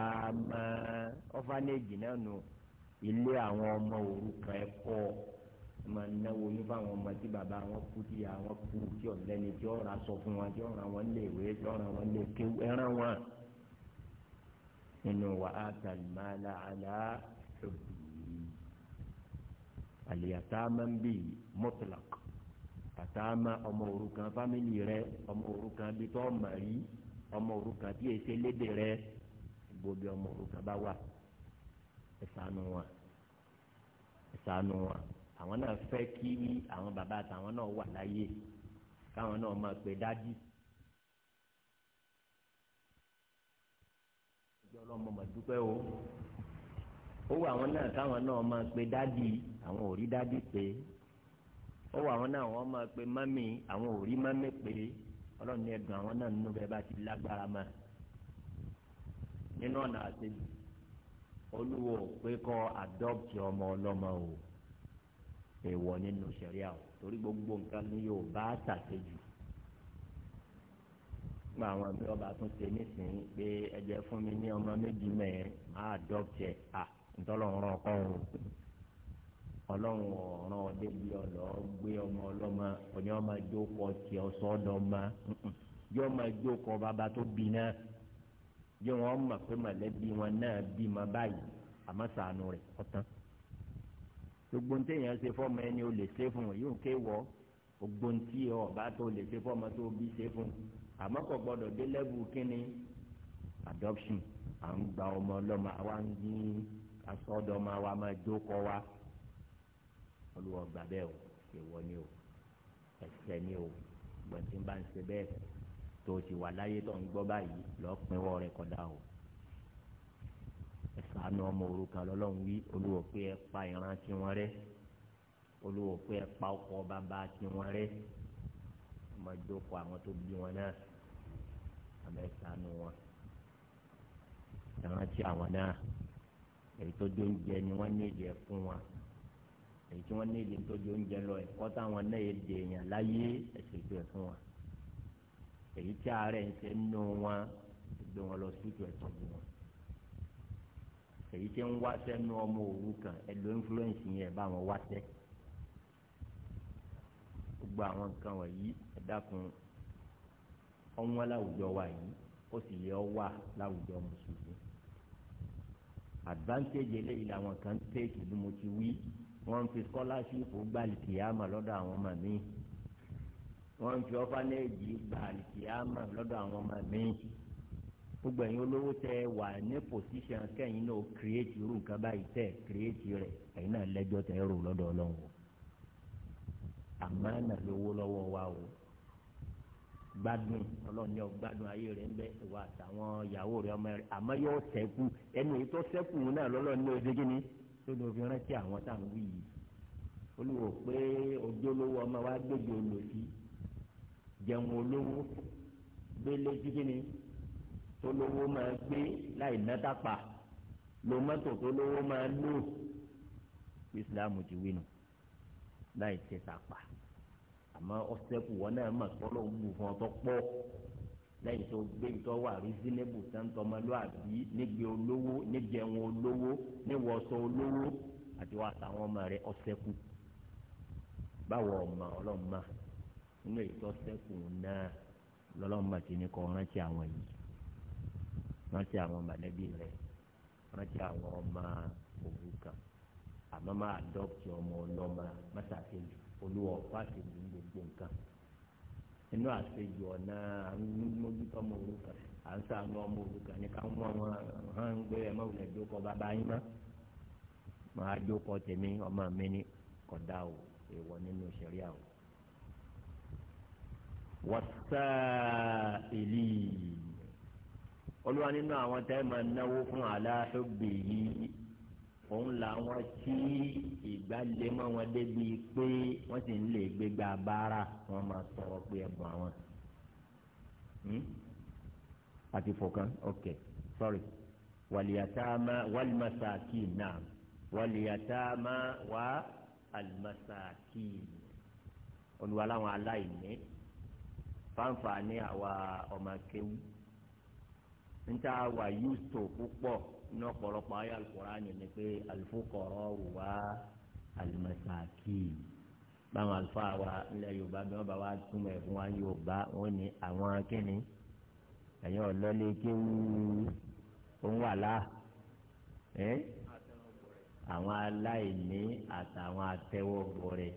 máa ọ́fà méjì náà nù ilé àwọn ọmọ òrukàn ẹ̀kọ́ ọ̀ máa náwó yín fáwọn ọmọ tí bàbá wọn kú tí ìyá wọn kú tí ọ̀lẹ́ni tí ọ̀rọ̀ aṣọ fún wọn tí ọ̀rọ̀ wọn lè wé tí ọ̀rọ̀ wọn lè ké ẹran wọn. nínú wa á tàlímàlà àlá òbí àlìyàtàmà ń bì mọ́tòlák àtàmà ọmọ òrukàn fámìlì rẹ ọmọ òrukàn bí tọ́ mà rí ọmọ òrukàn tí èsè lédè rẹ gbòbí ọmọ òrukàn bá wà ẹ̀sánú wa ẹ̀sánú wa àwọn náà fẹ́ kí àwọn bàbá àtàwọn náà wà láyé káwọn náà máa pè dádì. ìjọ ọlọ́mọ mà o ó wà àwọn náà káwọn náà máa pè dádì àwọn ò rí dádì pé ó wà àwọn náà wọ́n máa pè mami àwọn ò rí mami pé ọlọ́run ní ẹ̀dùn àwọn náà nínú bẹ́ẹ̀ bá ti lágbára mọ́ nínú ọ̀nà àti olúwo pé kọ́ adopt ọmọ ọlọ́mọ o. wọ nínú sẹ̀ríà o torí gbogbo nǹkan ní yóò bá ṣàṣejù gba àwọn a ọba tún ṣe nísìnyí pé ẹ̀jẹ̀ fún mi ní ọmọ méjì mẹ́ẹ̀ máa dọ́kítẹ̀ à ntọ́lọ́run ọkọ o ọlọ́run ọ̀ràn ọdẹ bí ọlọ́ gbé ọmọ ọlọ́mọ ọmọ ìjókòó ọtí ọmọ ìjókòó bàbá tó bí náà mọ̀ pé mọ̀lẹ́bí wọn náà bí mọ báyìí àmọ́ sànù rẹ̀ ọ̀tán. gbogbo ní tẹ̀yàn ṣe fọ́ọ̀mù ẹni o lè ṣe fún un yóò ké wọ́ gbogbo ní tí ọba tó lè ṣe fọ́ọ̀mù tó bí ṣe fún un àmọ́ kò gbọ́dọ̀ dé lẹ́bù kínní adoption à ń gba ọmọ ọlọ́mọ àwa ń ní asọ́dọ̀ ọmọ àwa máa jókòó wa olùwọ̀ gbà bẹ́ẹ̀ o èèwọ̀ ni o ẹ̀ṣẹ̀ ni o gbọ̀ntì bá ń ṣe bẹ́ẹ̀ tó o ti wà láyé tó ń gbọ́ báyìí lọ́ọ́ pinwọ́ rẹ kọ́dá o ẹ̀sánú ọmọ òrukàn lọ́lọ́run wí olúwo pé ẹ pa ìran tí wọ́n rẹ́ olúwo pé ẹ pa ọkọ bàbá tí wọ́n rẹ́ ọmọ ìjókòó àwọn tó bí wọn náà àmọ́ ẹ̀sánú wọn ìran tí àwọn náà èyí tó dé oúnjẹ ni wọ́n ní fún wọn èyí tí wọ́n ní tó di oúnjẹ lọ ẹ̀kọ́ táwọn náà yẹ di èèyàn láyé ẹ̀sìn ìgbẹ́ e fún wọn èyí tí àárẹ̀ ń ṣe nínú wọn gbé wọn lọ sí ìjọ ẹ̀tọ́jú wọn èyí tí ń wáṣẹ́ nu ọmọ òwú kan ẹ̀lò influence yẹn bá wọn wáṣẹ́ gbogbo àwọn nǹkan wọ̀nyí ẹ̀dákun ọ̀wọ́n láwùjọ wa yìí ó sì yẹ ọ́ wà láwùjọ mùsùlùmí advantage eléyìí làwọn kan ń tẹ́ẹ̀kì bí mo ti wí wọ́n fi scholarship gba alikiyama lọ́dọ̀ àwọn ọmọ mi wọ́n fi orphanage gba alikiyama lọ́dọ̀ àwọn ọmọ mi gbogbo ẹ̀yin olówó tẹ wà ní pòsíṣàn kẹ́yìn náà kírèétì irú nǹkan báyìí tẹ kírèétì rẹ̀ ẹ̀yin náà lẹ́jọ́ tẹ rò lọ́dọ̀ ọlọ́run o àmọ́ ẹ̀nà ló wó lọ́wọ́ wa o gbádùn ọlọ́run ní ọgbádùn ayé rẹ̀ ń bẹ ìwà àtàwọn ìyàwó rẹ̀ ọmọ rẹ̀ àmọ́ yóò sẹ́kù ẹnu èyí tó sẹ́kù náà lọ́lọ́run ní ojú kíni tó ní òfin rántí àwọn tá à ń wí yìí olùwò pé ojúlówó ọmọ wa gbèjì olòsí jẹun olówó gbélé ojú kíni tó lówó máa gbé láì nẹ́ta pa lo mọ́tò tó lówó máa lò ìsìlámù ti wí nù láì tẹ̀sà pa àmọ́ ọ̀sẹ̀kù wọn náà mọ̀ tọ́lọ̀ ń bù fún ọ tó pọ̀ lẹ́yìn tó gbé ìtọ́ wà reasonable sáńtọ́ ọmọlúwàbí nígbè olówó níjẹun olówó níwọ̀sọ olówó àti wà táwọn ọmọ rẹ ọ̀sẹ̀kù báwo ọmọ ọlọ́mọ nínú ìtọ́sẹ̀kù náà lọ́lọ́mọ ti ní kọ́ rántí àwọn yìí rántí àwọn mọ̀lẹ́bí rẹ rántí àwọn ọmọ òrukàn àmọ́ máa dọ́kítì ọmọ ọlọ́mọ mọ́sàkéjì olúwa ọ̀pá àtẹ̀jú gbogbo nǹkan inú àṣejù ọ̀nà àmójútó ọmọ òrukàn à ń sàánú ọmọ òrukàn ní ká mú àwọn hàn gbé ẹ̀ mọ́wùlẹ̀ jókòó bàbá yín mọ́ máa jókòó tèmi ọmọ mi ní kọ̀dá o èèwọ̀ nínú ṣẹ̀ríà o. wọ́n sáà èlì yìí olúwa nínú àwọn tẹ́ máa náwó fún aláṣọ́gbè yìí òun làwọn tí ìgbàlè mọ́ wọn débi pé wọ́n sì ń lè gbégbá báárà wọ́n máa sọ̀rọ̀ pé ẹ̀bùn àwọn. Hmm? àti fọkàn ok sorry wàlìyàtàmá wàlìmásàkì náà wàlìyàtàmá wà àlìmásàkì olúwa láwọn aláìní fáǹfà ní àwa ọmọ kéwù níta wa yúùtò púpọ̀ ní ọ̀pọ̀lọpọ̀ ayé alukurani ni pé alufukọ̀rọ̀ wà alimasaki báwọn àlùfáà wa ilẹ̀ yorùbá bí wọ́n bá wá túmọ̀ ẹ̀fún wa yorùbá wọ́n ní àwọn akínní ẹ̀yin ọ̀lọ́lé kéwú òun wà láà ẹ́ àwọn aláìní àtàwọn atẹ́wọ́ bọ̀rẹ̀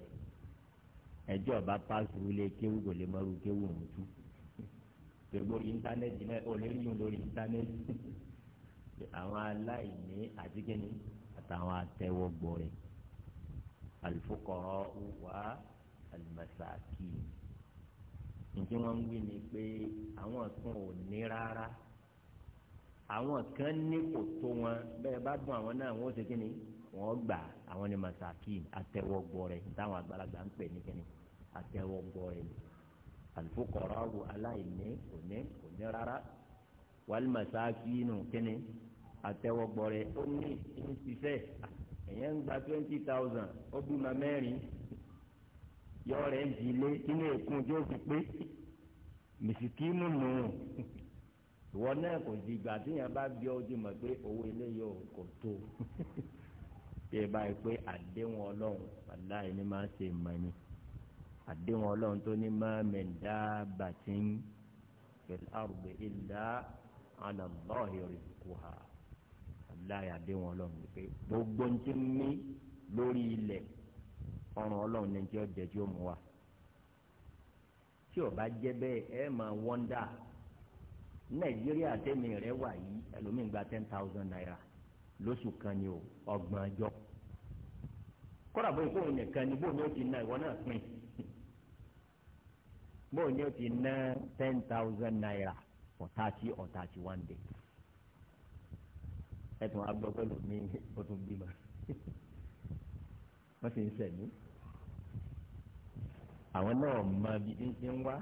ẹjọ́ bá pàṣẹ wílé kéwú kò lè mọ́rú kéwú òun tú lórí íńtánẹ́ẹ̀tì náà olóríyìn lórí íńtánẹ́ẹ̀tì àwọn aláìní àdígẹ́ni àtàwọn atẹ́wọ́gbọ́ rẹ̀ alifokọ̀rọ̀ wà alimasaki ǹjẹ́ wọ́n ń wí ni pé àwọn kan ò ní rárá àwọn kan ní kò tó wọn bẹ́ẹ̀ bá dùn àwọn náà wọ́n ṣe kí ni wọ́n gbà àwọn ni masaki atẹ́wọ́gbọ́ rẹ̀ táwọn àgbàlagbà ń pè ní kí ni atẹ́wọ́gbọ́ rẹ̀ ni alifokọrọ wo aláìní òní òní rárá walima sáfìnù kínní àtẹwọgbọrẹ ó ní ìṣiṣẹ ẹ̀yẹ́ ń gba twenty thousand ó bímọ mẹ́rin yọ rẹ̀ ń jìlé kínní èkún tí ó fi pé mìsìkínù nù ìwọ náà kò di ìgbà tí yẹn bá bí ọ di mọ̀ pé owó ilé yóò kò tó bí ẹ báyìí pé àdéhùn ọlọ́run aláìní máa ṣe mọ̀ ni àdéhùn ọlọ́run tó ní mọ́mìn dábàtín fìlárùbẹ̀ ìlà alàlọ́hìrì kùhà aláyà àdéhùn ọlọ́run pé gbogbo ń ti mí lórí ilẹ̀ ọrùn ọlọ́run ní tí ó jẹ́ tí ó mú wa tí ò bá jẹ́ bẹ́ẹ̀ ẹ máa wọ́ndà nàìjíríà tẹ́mi rẹ̀ wà yìí ẹlòmíín gba ten thousand naira lóṣù kan ni o ọgbọ̀n ọjọ́ kọ́ra bóyá kóhùn nìkan ni bóyá ó ti na ìwọ náà pín in bó o ní o ti ná ten thousand naira for thirty or thirty one day ẹ tún á gbọ́ pẹ̀lú mi o tún bímọ *laughs* wọ́n sì ń sẹ̀mí àwọn náà mọ bí ń ṣe ń wá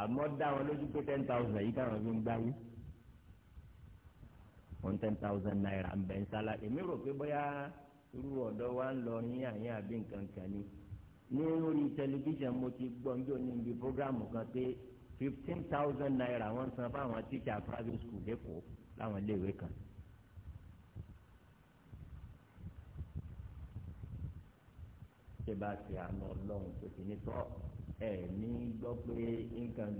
àmọ́ dá wọn lójú pé ten thousand yìí káwọn fi ń gbáyé one ten thousand naira ń bẹ̀ ń sálá èmi rò pé bóyá irú ọ̀dọ́ wa ń lọ yín àyín àbí nǹkan kan ni ní orí tẹlifíṣàn mo ti gbọ́ ní òní ibi programu kan pé fifteen thousand naira wọ́n san fáwọn tíṣà private school lẹ́kọ̀ọ́ láwọn iléèwé kan. ṣé bá ti àná ọlọ́run tó ti ní tọ́ ẹ ní gbọ́ pé nǹkan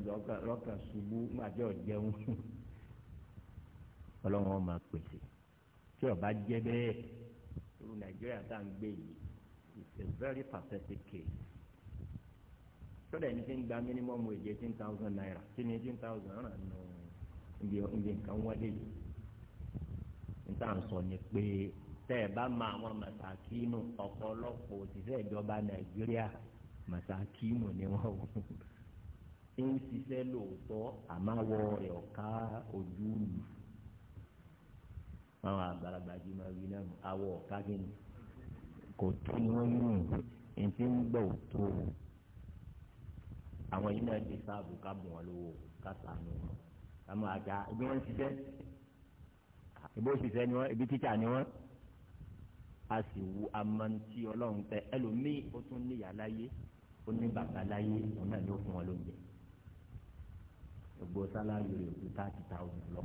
lọ́kàn ṣubú màdé ọ̀jẹun *laughs* ọlọ́run ọmọ pèsè tí ọba jẹ́ bẹ́ẹ̀ nàìjíríà tá à ń gbé yìí a very pathetic case minimum wage eighteen thousand naira eighteen thousand naira sọ ẹ bá ma àwọn màsàkínù ọ̀pọ̀lọpọ̀ òṣìṣẹ́ ìjọba nàìjíríà màsàkínù ni wọ́n wò ń ṣiṣẹ́ ojú àgbàlagbà jí máa wí náà kò tí wọ́n yùn ètí ń gbọ́ òtó o àwọn yìí náà di sáàbù ká bù wọn lówó ká sànù wọn ká máa gba ibi wọn ṣiṣẹ́ ibi ó ṣiṣẹ́ ni wọn ibi títà ni wọn a sì wu amantí ọlọ́run tẹ ẹlòmíì ó tún níyà láyé ó ní bàbá láyé òun náà yóò fún wọn lóúnjẹ gbogbo sálárì rẹ̀ kú táàtì táwọn lọ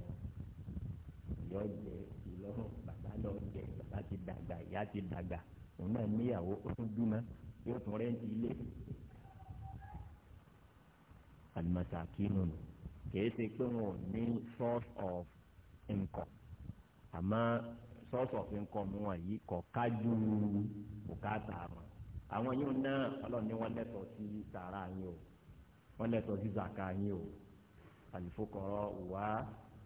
ìyọ́ jẹ ìlọ́run bàbá lọ jẹ bàbá ti dàgbà ìyá ti dàgbà òun náà níyàwó ó tún bímọ yóò tún rẹ́ǹtì ilé alimasakinu nù kìí ṣe pé wọn ò ní source of income àmọ́ source of income wọn yìí kò kájú bùkátà wọn àwọn yóò ná ọlọ́ọ̀ni wọn lẹ́tọ̀ọ́ sí sàrà yín o wọn lẹ́tọ̀ọ́ sí zaka yín o alifokoro wa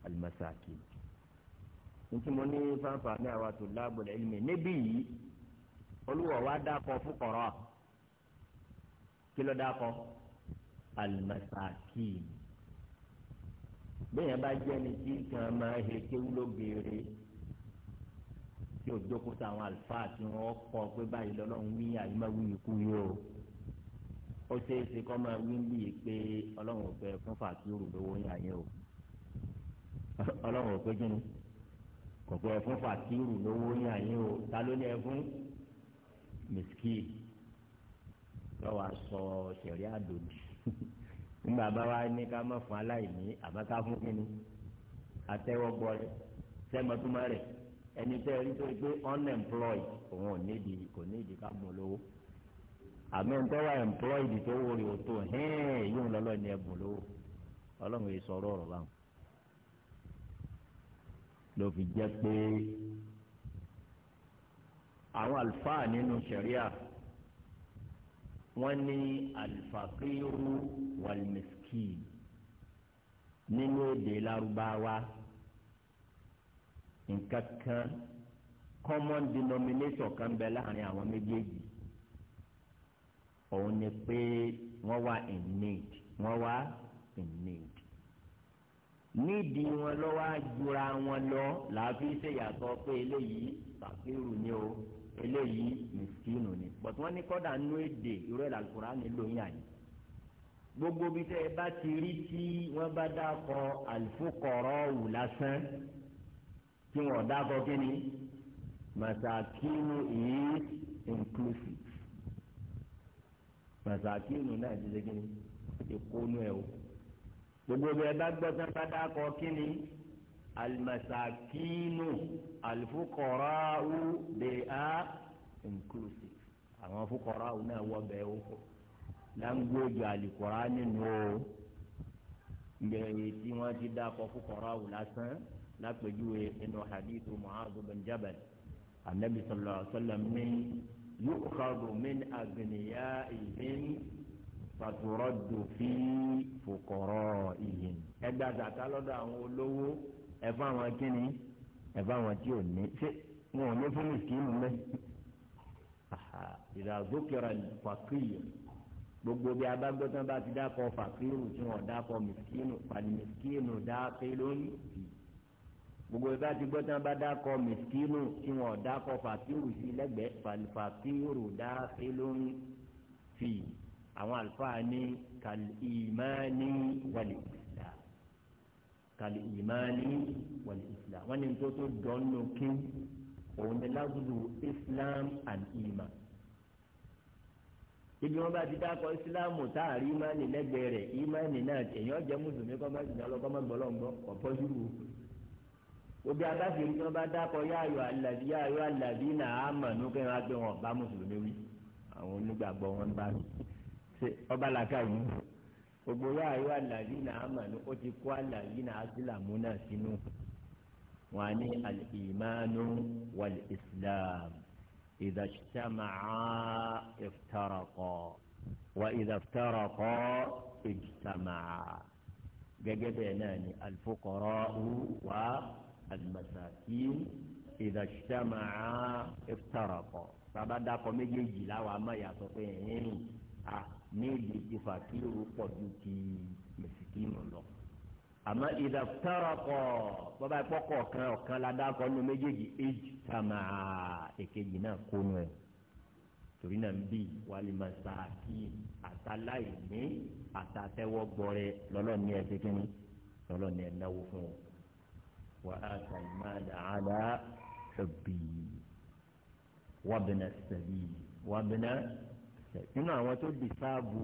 alimasakinu ntí mo ní fanfa ní àwa tó láàbò níbí yìí olúwa wa dákọ fúkọrọ kí ló dákọ alimasakin bẹ́ẹ̀ bá jẹ́ ni tí kan máa he kéwú ló béèrè tí o jókòó sáwọn àlùfáà tí wọ́n kọ́ pé báyìí lọ́lọ́run wí àyè máa wí ikú yìí o ó ṣeé ṣe kọ́ máa wí bí i pé ọlọ́run ò fẹ́ fún fàkírù lówó yàn o ọlọ́run ò pé kí ni kò fẹ́ fún fàkírù lówó yàn o ta ló ní ẹ fún mẹsìkì lọ́wọ́ aṣọ sẹ̀rí àdòdì *laughs* nígbà bá wa ní ká má fún aláìní àbáká fún kínní àtẹwọ́gbọ́ rẹ sẹ́gbàtúmọ̀ rẹ ẹni tẹ́ ẹni tó gbé unemployed òun ò nídìí kò nídìí ká mú lówó àmì ń tọ́wọ́ employed tó wò rí o tó hẹ́ẹ̀ yóò lọ́lọ́ ní ẹ̀bùn lówó ọlọ́run yìí sọ ọ̀rọ̀ ọ̀rọ̀ báwọn ló fi jẹ́ pé àwọn àlùfáà nínú ṣẹ̀ríà wọ́n ní alifakiru walmiski nínú èdè Lárúbáwá nǹkan kan common denominator kan bẹ láàrin àwọn méjèèjì òun ni pé wọ́n wà in need wọ́n wà in need nídìí wọn lọ wá jura wọn lọ làá fi ṣèyàtọ̀ pé eléyìí fàkírù ni o eléyìí mìsíkìnù ni bọ̀tí wọ́n ní kọ́dà nú èdè irú ẹ̀ làlùkùrá ni lóyún àyè gbogbo bí tẹ́ ẹ bá ti rí tí wọ́n bá dákọ̀ àlùfókọ̀rọ̀ wù lásán tí wọ́n dákọ̀ kíni masakinu is inclusive masakinu náà ti ṣe kíni ìkónú ẹ̀ o gbogbo bí ẹ bá gbọ́ tán bá dákọ̀ kíni alimasakinu alifukọrawu they are inclusive àwọn fukọrawu náà wọ bẹ́ẹ̀ o language alikora nínú o gbẹ̀yìn tí wọ́n ti dá kọ fukọrawu lásán lápẹ̀júwe inú hadithu mu'adh bin jabal anabi sallallahu alaihi wa sallam ní yukhadu min agniya'ihim faturaddu fi fuqara'ihim ẹgbẹ́ àtàkà lọ́dọ̀ àwọn olówó ẹ fún àwọn kíni ẹ fún àwọn tí ò ní ṣé wọn ò ní fún mìsíkìnì mẹ ìdàgbòkèrè fàkìyè gbogbo bí abágbọ́tán bá ti dákọ̀ fàkìyè tí wọn dákọ̀ mìsíkìnì pàdé mìsíkìnì dáké lónìí gbogbo ìbá ti bá dákọ̀ mìsíkìnù tí wọ́n dákọ̀ fàkírù sí lẹ́gbẹ̀ẹ́ fàkírù dá sílórí fi àwọn àlùfáà ní kàlìmáàní wàlìkìlá kàlí ìmáàlì wàlí islam wọn ni tó tó dọ́nù kí òun ni lágùdù islam and iman ibi wọn bá ti dákọ islam táàrí imáàlì lẹ́gbẹ̀ẹ́ rẹ̀ imáàlì náà èèyàn jẹ́ mùsùlùmí kọ́ máa jìnnà lọ́kọ́ máa gbọ́ lọ́ngbọ́ ọ̀pọ̀ yúrù obi abáfẹ́rí tí wọ́n bá dákọ yáàyò àlàbí yáàyò àlàbí náà á mọ̀ ní kẹ́hìn agbẹ́ wọn bá mùsùlùmí wí àwọn onígbàgbọ́ wọn bá ṣe ọba làkà gbogbo yà ayọ alàlí nà amànú ó ti kó alàlí nà asílámù náà sínú wọn ní alìmánu wàlì islam ìdàṣítàmàá ìfitarakọ wà ìdàfitarakọ ìjìtàmàá gẹ́gẹ́ bẹ́ẹ̀ náà ni alifokọrọ wà alimasaki ìdàṣítàmàá ìfitarakọ sábà méjèèjì láwọn amáyàtọ̀ pé ẹ̀yìn a. Ah, níbi tí fàkírù مسكين الله. أما إذا lọ. àmọ́ ìdàkùtàrọ̀kọ̀ bọ́bá ìpọ́kọ̀ kan ọ̀kan ládàkọ̀ nínú méjèèjì èjì tàmà èkejì náà kónú ẹ̀ torí náà ń bì wàlímọ̀ sàákì àtàláìní àtàtẹ́wọ́gbọ́rẹ́ lọ́lọ́ni ẹ̀ ṣe kínní lọ́lọ́ni ẹ̀ náwó fún ọ. wà á sàn máa dà á dá ṣọ̀bì wàbìnà sẹ̀bì wàbìnà nínú àwọn tó dìsáàbù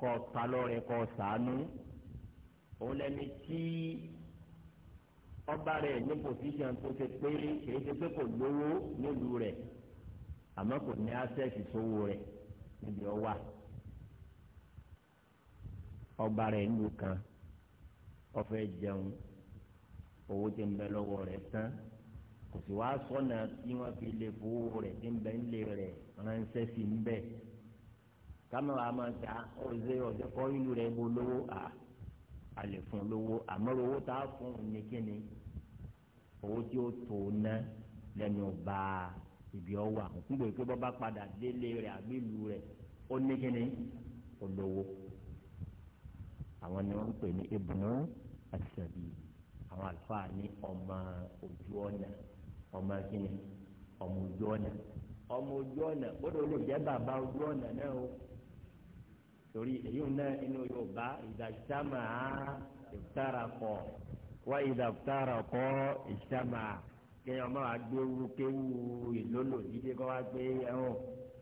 kọ talọrẹ kọ sànú òun lẹni tí ọba rẹ ní pòsíṣàn tó ṣe pé kìí ṣe pé kò lówó nílùú rẹ àmọ́ kò ní access sówó rẹ níbi ọwà ọba rẹ nílùú kan ọfẹ jẹun owó tí ń bẹ lọ́wọ́ rẹ tán kò sì wá sọ́nà tí wọ́n fi lè fowó rẹ̀ tí ń bẹ ń lè rẹ̀ ránṣẹ́ sí ń bẹ̀ kámẹ́rà máa ta ọ̀rẹ́sẹ̀ ọ̀sẹ̀ kọ́ ìlú rẹ̀ bó lówó à á lè fún lówó àmọ́ owó tá a fún ní kíni owó tí ó tó ná lẹ́nu ọba ibi ọwọ́ àwọn pé bọ́ bá padà délé rẹ̀ àbí ìlú rẹ̀ ó ní kíni olówó àwọn ni wọ́n ń pè ní ibùnú àti sàbí àwọn àlùfáà ní ọmọ ojú ọ̀nà ọmọ kíni ọmọ ojú ọ̀nà ọmọ ojú ọ̀nà ó lè lè jẹ́ bàbá ojú ọ̀nà náà o torí èyí náà inú Yorùbá ìdàgbàsámà ìtarakọ wá ìdàgbàsárakọ ìsàmà kéèyàn máa wá gbé ewu kéwu ìlólò dídé kọ́ wá gbé ẹ̀hún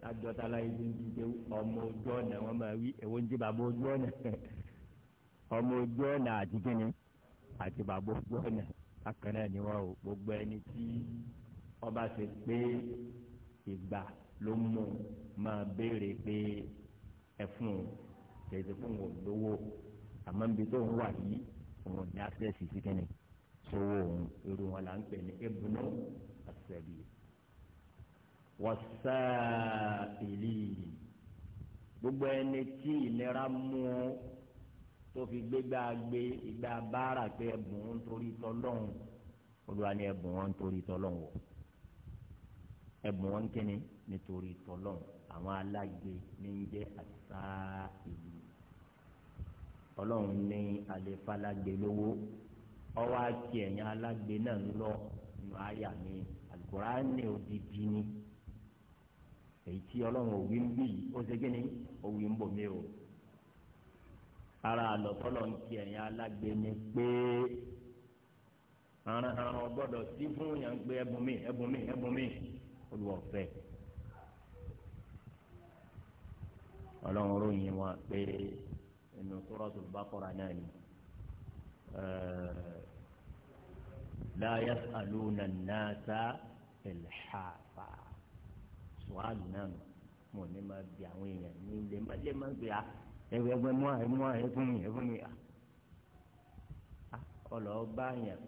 lájọta la yìí ń dídé ọmọ ojú ọ̀nà wọn máa wí èwo ń jí bàbá ojú ọ̀nà *laughs* ọmọ ojú ọ̀nà àti kíni àti bàbá ojú ọ̀nà akẹ́rẹ́ ni wọ́n o gbogbo ẹni tí ọba ṣe pé ìgbà ló mú máa béèrè pé ẹfun o kèsì fún wọn lówó àmọ́ níbi tó ń wà yìí òun ní àṣẹ́sì sí kẹ́ni sówó òun irú wọn là ń pè ní ebùnú àṣẹbí wọ́sá ìlì gbogbo ẹni tí ìnira mú o tó fi gbégbá gbé ìgbà bára pé ẹ̀bùn ń torí tọ́lọ́hún olúwa ni ẹ̀bùn wọn ń torí tọ́lọ́hún o ẹ̀bùn wọn kíni nítorí tọ́lọ́hún àwọn alágbe ní ń jẹ́ àṣà ìlú ọlọ́run ní alẹ́ falágbe lówó ọwọ́ àti ẹ̀yìn alágbe náà ń lọ nù àyà mi àlùkùránì òdìdí ni èyí tí ọlọ́run òwì ń bì ó ṣe kí òwì ń bò mí o ara àlọ́kọ́lọ́ ń ti ẹ̀yìn alágbe ni pé àrùn ọgbọ́dọ̀ sí fún yàn pé ẹbùn mi ẹbùn mi ẹbùn mi olùwọ̀fẹ́. ọlọ́run ròyìn wọn pé inú Suratul Baqara náà ni la yas'aluna an-nasa ilhafa sùwàlù náà mo ní ma bí àwọn èèyàn ní lè má lè má gbé a ẹwẹ ẹgbẹ mú à ẹmú à ẹfún mi ẹfún mi ọlọ bá yẹn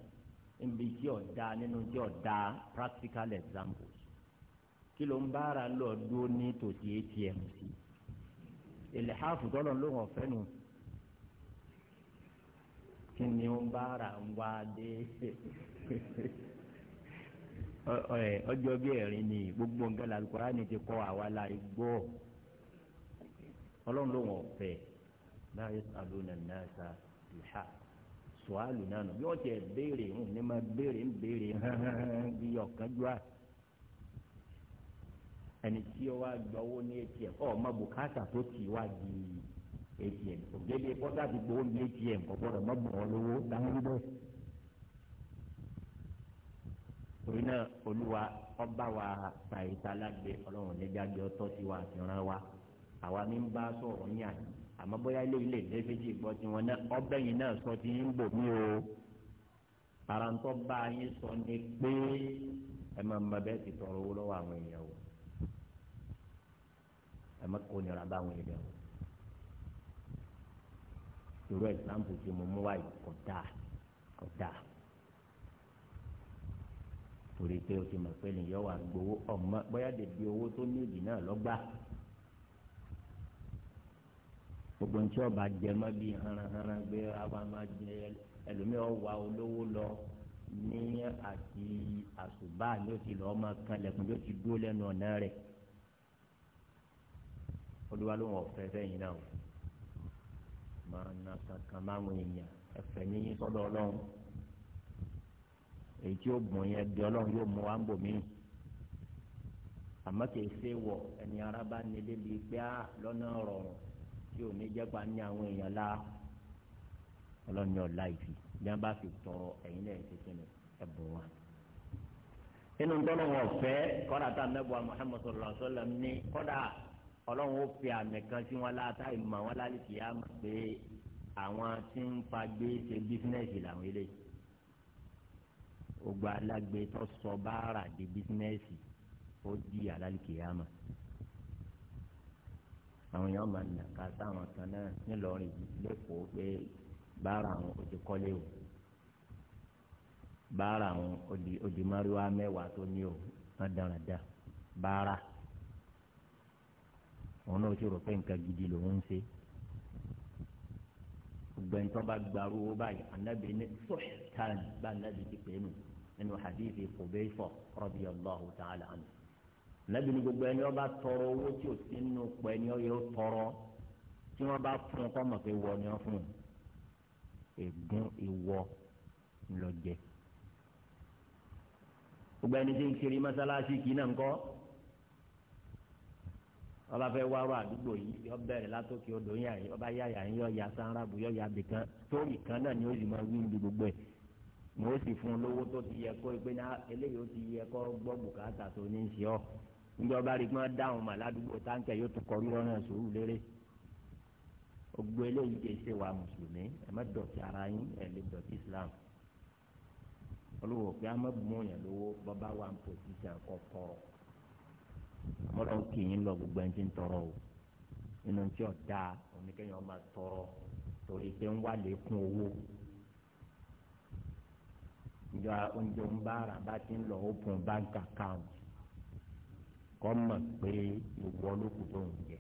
níbi tí ọ̀dà nínú tí ọ̀dà practical examples kí ló ń bára lọ dúró ní tòsí atm sí ìlẹ̀hàfù tọ́lọ̀ ló wọ̀ fẹ́ nù kí ni ó ń bára ń wá dé *laughs* ọjọ́ bí ẹ̀rín ni gbogbo nǹkan làlùkọ́rá ni ti kọ́ àwa la gbọ́ ọlọ́run ló wọn fẹ́ láyé alóna náà ta ìhà sùhálù náà nù bí wọ́n ti ẹ̀ béèrè ń ní ma béèrè ń béèrè hàn *laughs* bí ọ̀kan jù à ẹni tí ó wá gba owó ní atm ọ ọmọ bùkátà tó ti wá di atm ògèdè pọ́tà ti gbowó ní atm ọ̀gbọ́dọ̀ mọ́ bùn ọ́ lówó dáhùn bẹ́ẹ̀ torí náà olúwa ọba wa fàyè tá ọlọ́run lẹ́jà gbé ọtọ́ sí wa àti ràn wa àwa mi ń bá sọ̀rọ̀ yàn àmọ́ bóyá ilé ilé ilé méjì gbọ́ tí wọn náà ọbẹ̀ yìí náà sọ ti ń bò mí o parantọ́ bá yín sọ ni pé ẹ máa ma bẹ́ẹ̀ ti tọrọ owó lọ́wọ́ àwọn èèyàn o ẹ má kó nira bá àwọn èèyàn o irú ẹ̀sìlámpù tí mo mú wáyé kọ̀dá kọ̀dá torí pé o ti mọ̀ pé nìyọ́ wà gbowó ọ̀mọ bóyá dèbí owó tó ní ìdì náà lọ́gbà gbogbo ní tí wọn bá jẹ mọ bíi haranharan gbé àwọn máa jẹ ẹlòmíì ọwà olówó lọ ní àti àṣùbà ni ó ti lọ ọmọ kan lẹkùn ló ti dúró lẹ́nu ọ̀nà rẹ̀ olúwa ló ń ọ̀fẹ́ fẹ́yìn náà máa na kankan máa ń èèyàn ẹ̀fẹ́ ní sọ́dọ̀ ọlọ́run èyí tí ó gbọ̀n yẹn di ọlọ́run yóò mú wa ń bò míì àmọ́ kìí ṣe wọ̀ ẹni ara bá nílé bíi pé á lọ́nà rọrùn tí ò ní jẹ́pà ní àwọn èèyàn la ọlọ́ni ọ̀la ìfì bí wọ́n bá fi tọrọ ẹ̀yin náà ṣe kí ni ẹ bọ̀ wá. nínú tọ́lọ̀ wọn fẹ́ kọ́dà tá a mẹ́bọ̀ Muhammad sallallahu alaihi wasallam ní kọ́dà ọlọ́run ó fi àmì kan sí wọn láta ìmọ̀ wọn láti kì í á mọ̀ pé àwọn tí ń fagbé ṣe bísínẹ́sì làwọn eléyìí gbogbo alágbèétọ́ sọ báárà di bísínẹ́sì ó di àlálìkèyàmà àwọn èèyàn máa nà ká sáwọn kan náà nílọrin lẹ́kọ̀ọ́ pé bára àwọn ojú kọ́lé o bára àwọn ojú márùwá mẹ́wàá tó ní o wọ́n dára dá bára òun náà ti rò pé nǹkan gidi lòun ń ṣe gbẹ̀ntọ́ bá gbarú owó báyìí anabi ní sọ́ọ̀tàn bá anabi ti pè é nù nínú hadithi Hudayfa radiyallahu ta'ala anhu nàbí ni gbogbo ẹni ọba tọrọ owó tí ò sí nínú pọ ẹni ọ o tọrọ tí wọn bá fún un kọ́ mọ̀ pé wọ ni wọn fún un ègún ìwọ ńlọ jẹ gbogbo ẹni tí ń kiri mọ́sálásí kì í nà ń kọ́ ọba fẹ́ wá wá àdúgbò yìí yọ bẹ̀rẹ̀ látòkè odò yà yìí ọba yàyà yìí yọ ya sanrabu yọ ya bìkan sórí kan náà ni ó sì máa wí níbi gbogbo ẹ̀ ni ó sì fún lówó tó ti yẹ kó ẹgbẹ́ náà ah, eléyìí ó ti yẹ kó gbọ́ bùkátà tó ní í ṣe ọ́ níjọ́ bá rí i pé wọ́n dáhùn mà ládùúgbò táǹkẹ̀ yóò tún kọrí ọ̀nà sùúrù lérè gbogbo eléyìí kì í ṣe wà mùsùlùmí ẹ má dọ̀tí ara yín ẹ lè dọ̀tí Islam olùwò pé a má mú yàn lówó bàbá wa ń pòsíṣàn kọ tọrọ mọ́tò kì í lọ gbogbo ẹni tí ń tọrọ o nínú tí ò dáa oníkẹ́yìn ọmọ tọrọ torí pé ń wá lékún owó ìjọ oúnjẹ ń bá ara bá ti ń lọ open bank account kọ́ mọ̀ pé ìwọ ló kù tó ń jẹ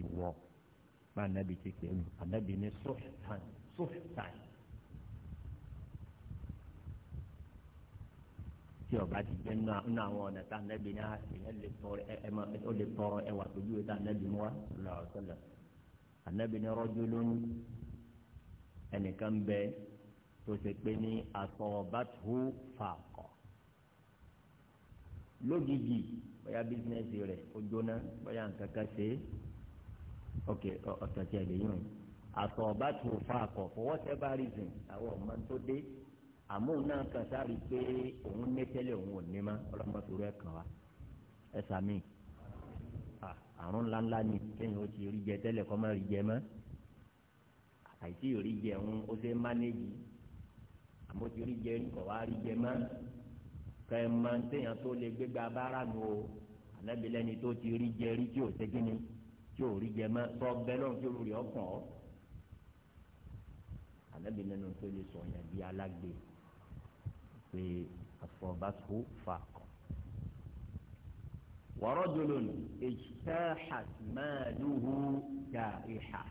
ìwọ bá anabi ti pè mí anabi ní sọ́ọ̀tàn sọ́ọ̀tàn tí ọba ti jẹ́ nínú àwọn ọ̀nà tá anabi ní àṣẹ ẹ lè tọrọ ẹ ma ó lè tọrọ ẹ wà pẹ̀lú ìta anabi mú wa lọ́wọ́ anabi ní rọ́jò lónìí ẹnìkan bẹ tó ṣe pé ní asọ̀bàtú fàkọ̀ lójijì bóyá bísínẹ́sì rẹ̀ ó jóná bóyá nǹkan kan ṣe é ok ọ̀tọ̀ tí a lè yàn àtọ̀ ọba tó fa akọ̀ for whatever reason àwọn ọmọ tó dé àmọ́ náà kan sáré pé òun ní tẹ́lẹ̀ òun ò ní ma ọlọ́mọdúnrún ẹ̀ kàn wá ẹ sàmì àrùn ńláńlá ni kéèyàn ó ti rí jẹ tẹ́lẹ̀ kọ́ má rí jẹ mọ́ àìsí rí jẹ òun ó ṣe mánéjì àmọ́ ti rí jẹ kọ̀ wá rí jẹ mọ́ kẹmọ téèyàn tó lè gbégbá bára nù o ànábi lẹni tó ti rí jẹ rí tí ò ṣe kíni tí ò rí jẹ mọ sọ bẹ́ẹ̀ lọ́n kí olùrí ọkàn ọ́ ànábi lẹnu tó lè sọ yẹn bí alágbe pé àfọ̀básó fà kàn. ورجل اجتاحت ماله جائحة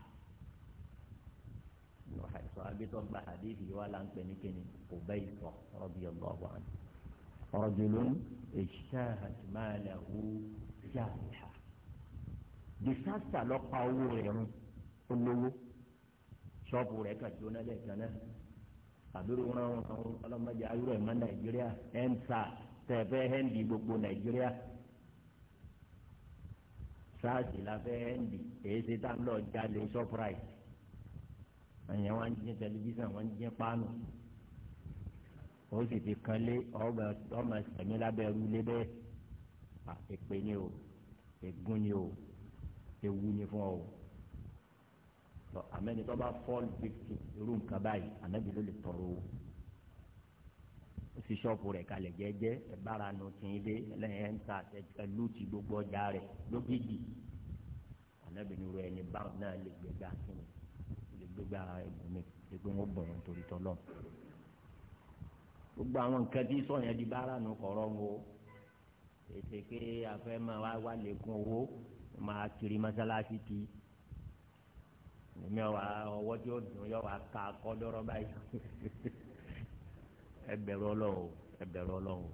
نوح الصحابي طلب حديثي ولا أنت نكني قبيصة رضي الله عنه rajulun ijtahad malahu jàmíà disasta lọ pa owó rẹ̀ rún olówó ṣọ́ọ̀bù rẹ̀ kà jóná lẹ́ẹ̀kan náà àbúrò wọn àwọn ọlọ́mọdé ayúrò ẹ̀ mọ́ nàìjíríà ẹ̀ńsà tẹ̀fẹ́ hẹ́ndì gbogbo nàìjíríà sáàsì la fẹ́ hẹ́ndì èyí ti tá lọ jalè ṣọ́ọ̀bù ráìtì àyẹ̀wò àwọn jẹ́ tẹlifíṣàn àwọn jẹ́ páànù ó sì fi kan lé ọmọ sẹ̀mí lábẹ́ ẹrú lé bẹ́ẹ̀ èpè ni o ègún ni o ewu ni fún ọ o àmẹ́ni tó bá fọ́ọ̀lù fífi irú nǹkan báyìí àmẹ́bi ló lè tọrọ o ó sì ṣọ́ọ̀bù rẹ̀ kalẹ̀ jẹ́jẹ́ ẹ̀bára nu tì í dé ẹlẹ́yìn ẹ̀ńtà ẹ̀lú ti gbogbo ọjà rẹ̀ lógìgì àmẹ́bi ni irú ẹni báwọn náà lè gbégbá sí i lè gbégbá ẹ̀gbọ́n mi lè gbé wọn bọ̀ wọn torí tọ́lọ́mù gbogbo àwọn nǹkan tí sọ̀yìn di bára nù kọ̀rọ̀ wo ètè pé afẹ́ máa wá wá lẹ́kùn owó máa kiri mọ́sálásí ti èmi ọ̀wá ọwọ́ tí ó dùn yọ̀ wá ká kọ́dọ́rọ́ báyìí *laughs* ẹbẹ̀rù ọlọ́wọ́ ẹbẹ̀rù ọlọ́wọ́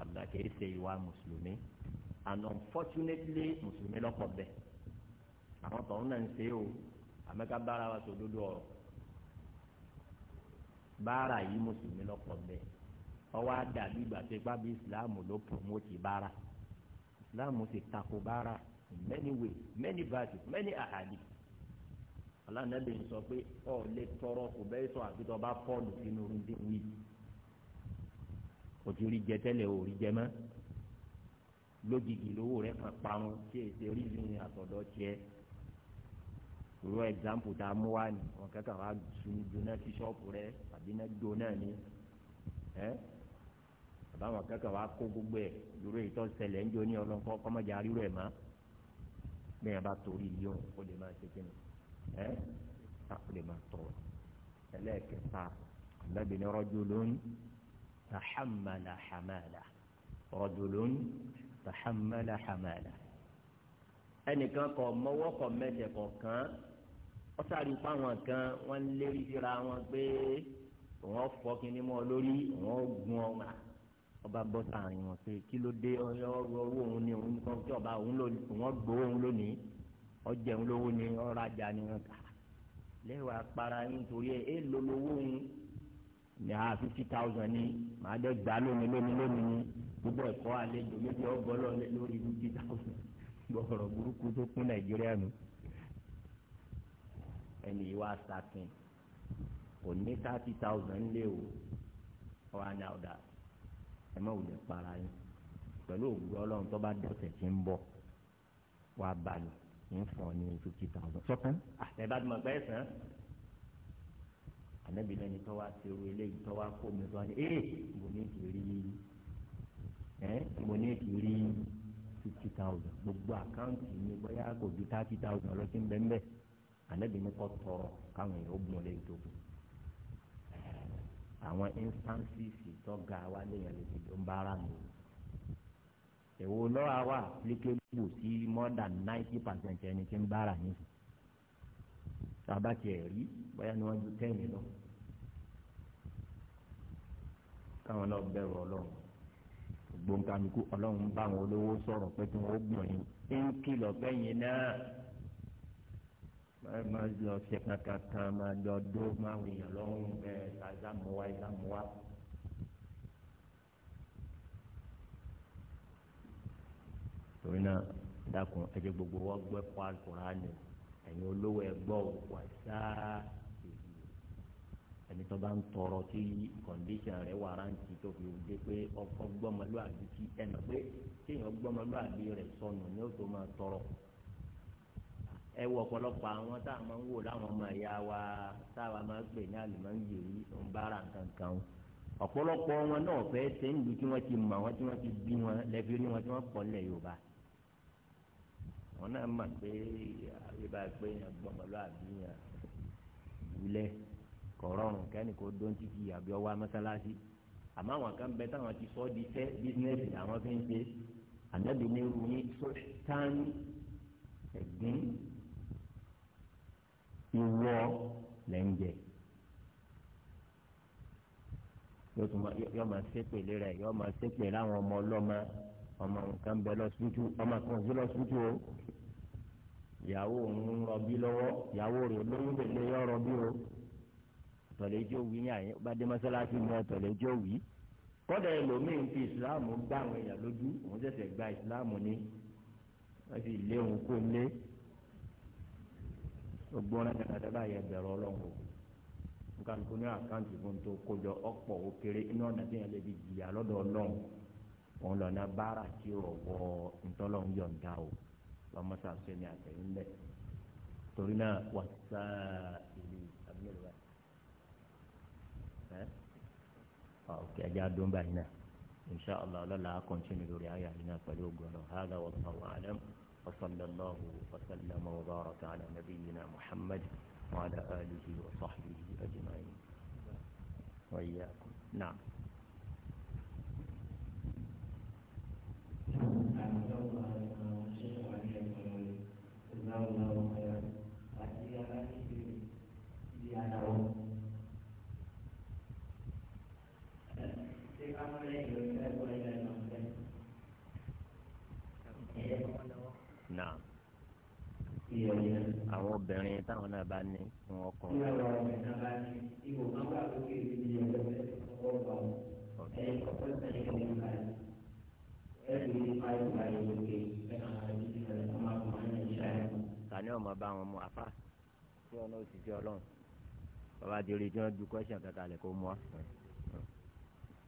àgbàkẹ́ ṣe ìwà mùsùlùmí and unfortunately mùsùlùmí lọ́pọ̀ bẹ́ẹ̀ àwọn tọ̀hún náà ń ṣe é o àmẹ́ká bára wa sòdodo ọ̀rọ̀ báárà yìí mùsùlùmí lọ́pọ̀ bẹ́ẹ̀ ọwọ́ àdàbí ìgbà tó ipá bí ìsìláàmù ló promote báárà ìsìláàmù ti tako báárà in many ways many verses many ahadi alánàbì ń sọ pé ọ lè tọrọ kò bẹ́ẹ̀ sọ àti tọ́ bá pọ́ọ̀lù sínú orí wí kò ti rí jẹ tẹ́lẹ̀ ò rí jẹ mọ́ lójijì lówó rẹ̀ kàn parun tí èsì orí mi àtọ̀dọ̀ tiẹ̀ irú ẹ̀gbáǹpù tá a mú wá ni wọn kẹ́kẹ́ wá sun jóná sí ṣọ́ọ̀pù rẹ àbí iná jóná ni ẹ́ àbáwọn kẹ́kẹ́ wá kó gbogbo ẹ̀ irú èyí tó ṣẹlẹ̀ ń jóní ọlọ́nkọ́ kọ́mọ́jà rírọ̀ ẹ̀ mọ́ bẹ́ẹ̀ bá torí yíyún ó lè máa ṣe kíni ẹ́ ó lè máa tọ̀ ẹlẹ́ẹ̀kẹta àgbẹ̀bìnrin rajulun tahammala hamala rajulun tahammala hamala ẹnìkan kọ mọwọ́ kọ mẹsẹ̀ kọ̀ọ̀kan wọ́n sáré pa àwọn kan wọ́n lérí síra wọn pé wọ́n fọ́ kínní mọ́ lórí wọ́n gun ọ wà ọba bọ́ sàárín wọn pé kí ló dé ọyọ owó òun ni òun kan tí ọba òun lò wọ́n gbowó òun lónìí ọjà òun lówó ni ọ̀rajà ni wọn kà lẹ́wọ̀ apara nítorí ẹ̀ ẹ́ lówó òun ní a fifty thousand ni màá dẹ́ gbà lónìí lónìí lónìí gbogbo ẹ̀kọ́ àlejò méjì ọgbọ́n lọ lórí fifty thousand gbọ̀ọ̀rọ̀ burúkú tó kún nàìjíríà nù ẹni yìí wá sakin kò ní thirty thousand lé o ọ̀rọ̀ àná ọ̀dà ẹ má wulẹ̀ para yín pẹ̀lú òwúrọ̀ ọlọ́run tó bá dọ̀tẹ̀ tí ń bọ̀ wá balẹ̀ ń fọ̀ ní fifty thousand sọ́kàn àtẹ̀bàdìmọ̀ pẹ́ sàn án ànábì lẹ́ni tó wá ti ru eléyìí tó wá kó mi tó wá ní ee mo ní ti rí ẹ mo ní ti rí fifty thousand gbogbo àkáǹtì mi bóyá kò ju thirty thousand lọ sí ń bẹ́ẹ̀ bẹ́ẹ̀ ànábì ní kò tọrọ káwọn èèyàn ó gbọ́n lé ìdókòwò àwọn instances tọ́ga wa léèyàn lè fi ń bára mi èwo lọ́wọ́ like applicable sí more than ninety percent ẹni tí ń bára mi sábà tiẹ̀ rí bóyá ni wọ́n ju tẹ́ẹ̀nì lọ káwọn náà bẹ̀rù ọlọ́run gbọ̀ǹkanìkú ọlọ́run bá àwọn olówó sọ̀rọ̀ pé kí wọ́n gbọ̀n yín ń kìlọ̀ fẹ́yìn náà máa máa jọ ṣe kankan kan máa jọ dó máa wìyàn lọ́rùn bẹ́ẹ̀ ṣàzámùwá ìzámùwá. torí náà dákun ẹjẹ gbogbo wọn gbẹ kọ alukóraani ẹ̀yin olówó ẹgbọ wà sáà ẹni tó bá ń tọrọ tí kọndíṣàn rẹ wà rántí tó fi dé pé ọkọ gbọmọlúwàbí tí ẹnà pé kéèyàn gbọmọlúwàbí rẹ sọnù ni ó tó máa tọrọ ẹ wọ ọ̀pọ̀lọpọ̀ àwọn tá a máa ń wò láwọn ọmọ ẹ̀yà wa tá a máa ń pè ní àlùmọ́ǹgì yìí ń bára nǹkan kan o ọ̀pọ̀lọpọ̀ wọn náà fẹ́ ṣe ń lu tí wọ́n ti mọ̀ wọ́n tí wọ́n ti bí wọn lẹ́bi ní wọn tí wọ́n pọ̀ lẹ̀ Yorùbá wọn náà mọ̀ pé àbíbá pé yẹn gbọmọlọ àbí yẹn wulẹ̀ kọ̀rọ̀rùn kẹ́ni kò dó ń títí àbí ọwọ́ amọ́sálásí àmọ́ àwọn kan bẹ táwọn ti sọ di fẹ́ bísínẹ́sì làwọn fi ń ṣe ànábì ní irú yín sọ́tàn ẹ̀gbìn ìwọ lẹ ń jẹ yóò tún yóò máa ṣépèlé rẹ yóò máa ṣépèlé àwọn ọmọ ọlọ́mọ ọmọ nǹkan bẹ lọ́sítútù ọmọ kan sí lọ́sítútù o ìyàwó òun ń rọbí lọ́wọ́ ìyàwó rẹ̀ lóyún lèlé yọ rọbí o tọ̀lẹ́ jó wí ní àyè bá dé mọ́sálásí ní ọ̀tọ̀lẹ́ jó wí. kọ́dà ẹlòmíín fi ìsìláàmù gbá àwọn èèyàn lójú òun ṣẹ̀ṣẹ̀ gba ìsìláàmù ni wọ́n sì lé òun kó lé gbogbo ọ̀nà ìrìnàjò báyìí ẹgbẹ̀rún ọlọ́run o nǹkan tó ní àkáǹtì fún tó kójọ ọ̀pọ̀ ó kéré iná ọ̀nà tí yẹn lè fi jìyà lọ́dọ̀ ọlọ́run òun lọ́nà báárà tí ò wọ ntọ́lọ́run yọ̀ǹda o lọ́mọ́sá sẹ́ni àtẹ̀yìn lẹ̀ torí náà wà sá ìlú abúlé wa ẹ ọ̀kẹ́ ajá dún báyìí náà inṣàlá ọlọ́la á kọ́ńtínú ayé àyìnà pẹ̀lú ògùn ọ̀nà hàgà wọ́n وصلى الله وسلم وبارك على نبينا محمد وعلى آله وصحبه أجمعين وإياكم نعم Thank you. àwọn obìnrin táwọn náà bá ní fún ọkùnrin. ìyá àwọn ọmọ ìta bá ní ihò kan wà lókè níbi ẹgbẹ́ ọkọ̀ ọ̀gá wọn ẹ̀yìn ọ̀pọ̀ ìtàn ìkọ̀ nípa ẹ̀ ẹ̀rù nípa ìgbà ìlòkè ẹ̀ka àdìsí rẹ̀ ọmọ àkùnrin nàìjíríà ẹ̀. tani ọmọ bá wọn mú afá tí wọn náà ti jẹ Ọlọ́run bàbá àdìrí tí wọn ju kọ́ṣà kàkà lẹ̀ kó mú wa.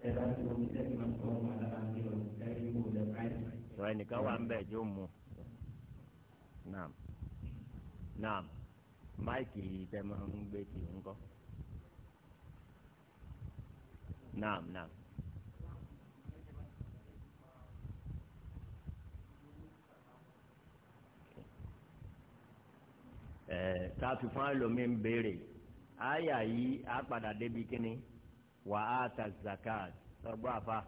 ẹ̀ka náà máìkì tẹ máa ń gbé tì ń kọ́ náà náà. káfi fún alomi ń béèrè àyà yìí á padà débi kíni wà á ta zakat lọ́gbọ́n àfa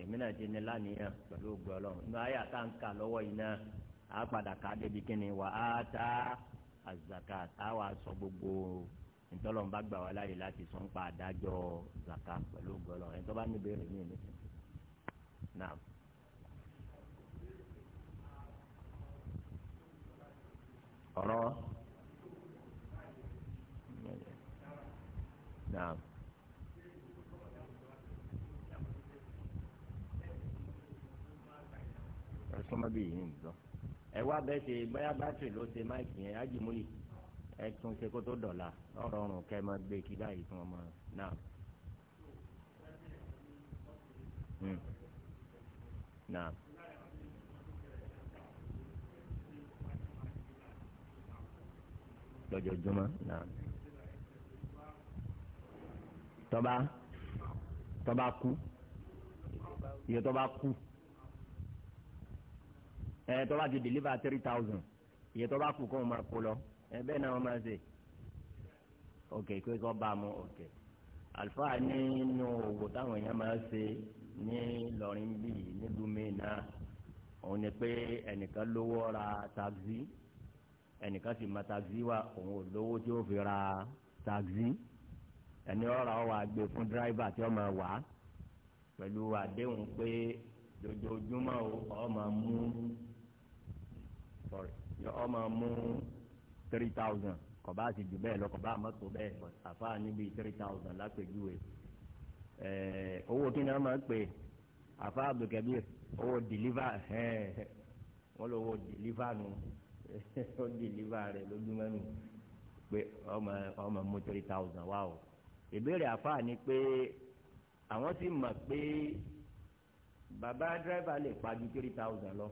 èmi náà ti ní lánìyàn pẹ̀lú ògbọ́n ọlọ́run ní àyà tá à kà lọ́wọ́ yìí náà a padà ká débi kíni wà á ta azaka a wà sọ gbogbo ntọ́lọ́mùbá gbà wá láyè láti sọ ń pa àdájọ́ zaka pẹ̀lú gbọ́lọ́ ẹ̀ tó bá ní ìbéèrè mí ní. Naam. ọ̀rọ̀ naam ẹ̀sùn má bí yìí ń ẹ wá bẹ́ẹ̀ ṣe báyà bátìrì ló ṣe máìkì yẹn ájìmúlì ẹ tún ṣe kó tó dọ̀la ọ̀rọ̀ ọ̀rùn kẹ́ ẹ máa gbé kí báyìí fún ọmọ náà. Hmm. náà. lójoojúmọ́ náà. tọ́ba tọ́ba kú iye tọ́ba kú ẹ tó bá ti deliver three thousand iye tó bá kù kó o máa kó lọ ẹ bẹ́ẹ̀ náà wọ́n máa ṣe ok kó o sọ bá a mú ok àlùfáà nínú òwò táwọn èèyàn máa ń ṣe ní lọrin bíi nílùú mìíná òun ni pé ẹnìkan lówó ra taxi ẹnìkan sì ma taxi wa òun ò lówó tí ó fi ra taxi ẹni ọ̀rọ̀ àwọn àgbè fún dírìvà tí ó máa wà pẹ̀lú àdéhùn pé dojoojúmọ́ ọ máa mú sorry ọmọ mú three thousand kọba àti jù bẹ́ẹ̀ lọ kọba àmọ́tò bẹ́ẹ̀ àfa níbi three thousand lápèjúwe owó kí ni wọ́n máa ń pè àfa abdulkabir owó deliver wọ́n lọ owó deliver nu *laughs* ó deliver rẹ̀ lójúmọ́ nù pé ọmọ ọmọ mú three thousand wá o ìbéèrè àfa ni pé àwọn ti mọ̀ pé bàbá dírẹ́fà lè pa ju three thousand lọ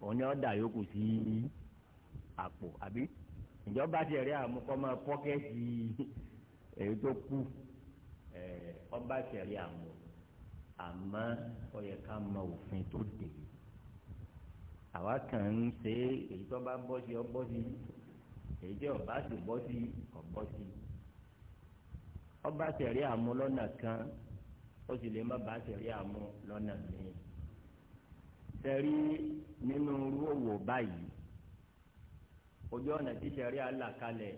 òun ni ọ̀dà yòókù sí àpò àbí ìjọba ti rí àmúkọ́ máa pọ́kẹ́tì èyí tó kù ọba ti rí àmú àmọ́ ó yẹ ká mọ òfin tó dé àwa kàn ń ṣe èyí tó bá bọ́ sí ọ bọ́ sí èyí tí ọba sì bọ́ sí ọ sí ọba ti rí àmú lọ́nà kan ó sì lè má ba ti rí àmú lọ́nà mìíràn sẹ́rí nínú irú òwò báyìí ojú ọ̀nà tí sẹ́rí alákalẹ̀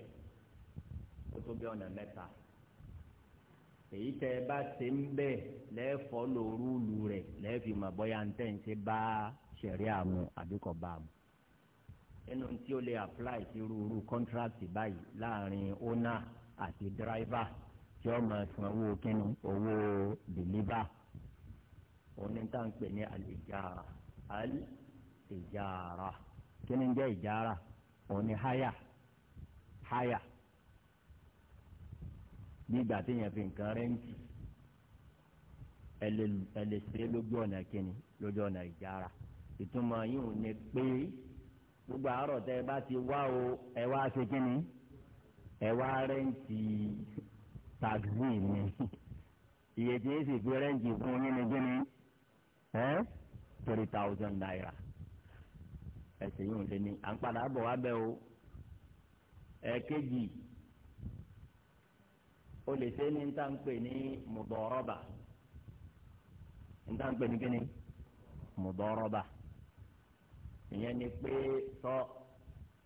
ó tó bí ọ̀nà mẹ́ta èyí tẹ́ ẹ bá ṣe ń bẹ̀ lẹ́ẹ̀fọ́ lòrúùlù rẹ̀ lẹ́ẹ̀fì mọ̀ bọ́yá ń tẹ̀ ń ṣe bá sẹ́rí àmú àbíkọ̀ bá àmú nínú tí ó lè apply sí irú contract báyìí láàrin owner àti driver tí ó máa san owó kínní owó deliver oní tá à ń pè ní àlejò ara àlì ìjàrà kí ni ń jẹ́ ìjàrà òun ni háyà háyà bí ìgbà téèyàn fi nǹkan rẹ́ǹtì ẹ lè ṣe lójú ọ̀nà kínní lójú ọ̀nà ìjàrà ìtumọ̀ yìí ò ní pé gbogbo àárọ̀ tẹ ẹ bá ti wá o ẹ wá ṣe kínní ẹ wá rẹ́ǹtì taxi ni *laughs* iye tí yín sì fi rẹ́ǹtì fún yín ni kínní three thousand naira ẹsẹ̀ yìí ń lé ní à ń padà bọ̀ wá bẹ́ẹ̀ o ẹ̀ẹ́kejì o lè ṣe ní níta ní mùdọ̀rọ̀bà níta ní kíni mùdọ̀rọ̀bà ìyẹn ni pé sọ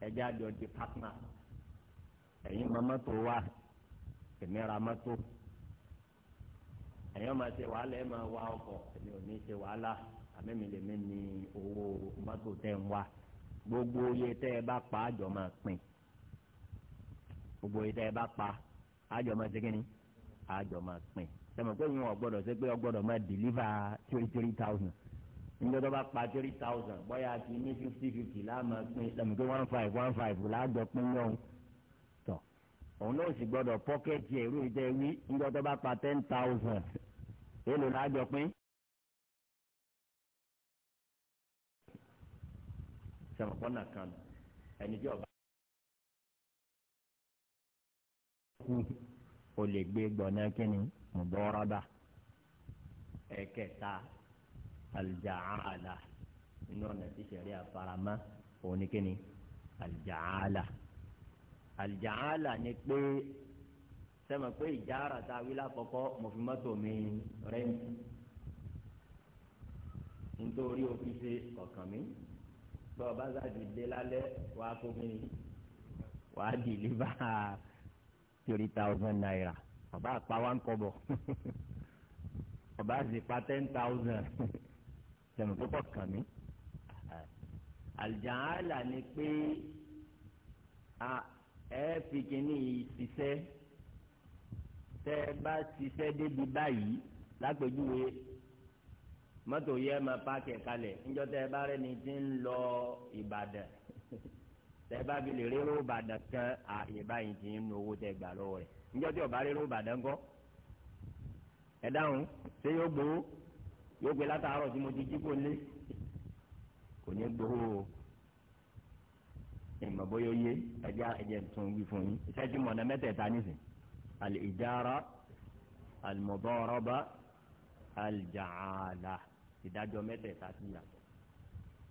ẹja jọ di pátánà ẹ̀yin mọ mọ́tò wa èmi ra mọ́tò ẹ̀yin ọmọ ṣe wàhálà ẹ̀ máa wá ọkọ̀ èmi ò ní ṣe wàhálà àmẹ́mìlẹ́mẹ́ ni owó mọ́tò tẹ́ ń wá gbogbo iye tẹ́ ẹ bá pa àjọ máa pín gbogbo iye tẹ́ ẹ bá pa àjọ máa segin ni àjọ máa pín sọmọ pé ìwọn ọgbọ́dọ̀ ṣe pé ọgbọ́dọ̀ máa deliver three three thousand nígbà tó bá pa three thousand bóyá ti ní fifty fifty láàmà pín lẹ́mu pé one five one five láàjọ pín lọ́hùn tọ̀ òun náà sì gbọ́dọ̀ pọ́kẹ́tì ẹ̀rú ìjẹ́ wí nígbà tó bá pa ten thousand èèlò láàjọ pín sẹ̀wọ̀n pọ́nà kan ẹni tí ọba kú o lè gbé gbọ̀nà kínní mùbọ́rọ́dà ẹ̀kẹta alìjàálà inú ọ̀nà tí sẹ̀rí àfaramá òun ni kínní alìjàálà alìjàálà ni pé sẹ́wọ̀n pé ìjára ta wílá kọ́kọ́ mọ̀fìmọ́tò mi rẹ́ǹtì nítorí òfìsè ọ̀kan mi tó o bá sáàdì dé lálẹ́ wà á kó wà á dì lífà three thousand naira ọba àpá wa ń kọ́bọ̀ ọba sì pa ten thousand tẹnu *laughs* púpọ̀ kàn mí àlìjáàlà ni pé ẹ fi kíní ṣiṣẹ́ tẹ́ ẹ bá ṣiṣẹ́ débi báyìí lápèjúwe mọ́tò yẹ máa páàkì ẹ̀ka lẹ̀ níjọ́ tẹ́ ẹ bá rẹ́ni tí ń lọ Ìbàdàn *laughs* tẹ́ bá fi lè rérò Ìbàdàn kan àyè báyìí ti ń nu owó tẹ́ gbà lọ́wọ́ rẹ̀ níjọ́ tí ọba rérò Ìbàdàn kọ́ ẹ dáhùn ṣé yóò gbowó yóò gbé látàárọ̀ tí mo ti jí kò lé kò ní gbowó o ìmọ̀ bóyá yé ẹja ẹ̀jẹ̀ tún wí fún yín iṣẹ́ tí mọ̀nà mẹ́tẹ̀ẹ̀ta nísìn al-ijara al-mudaraba al ìdájọ́ mẹ́tẹ̀ẹ̀ta sí yàtọ̀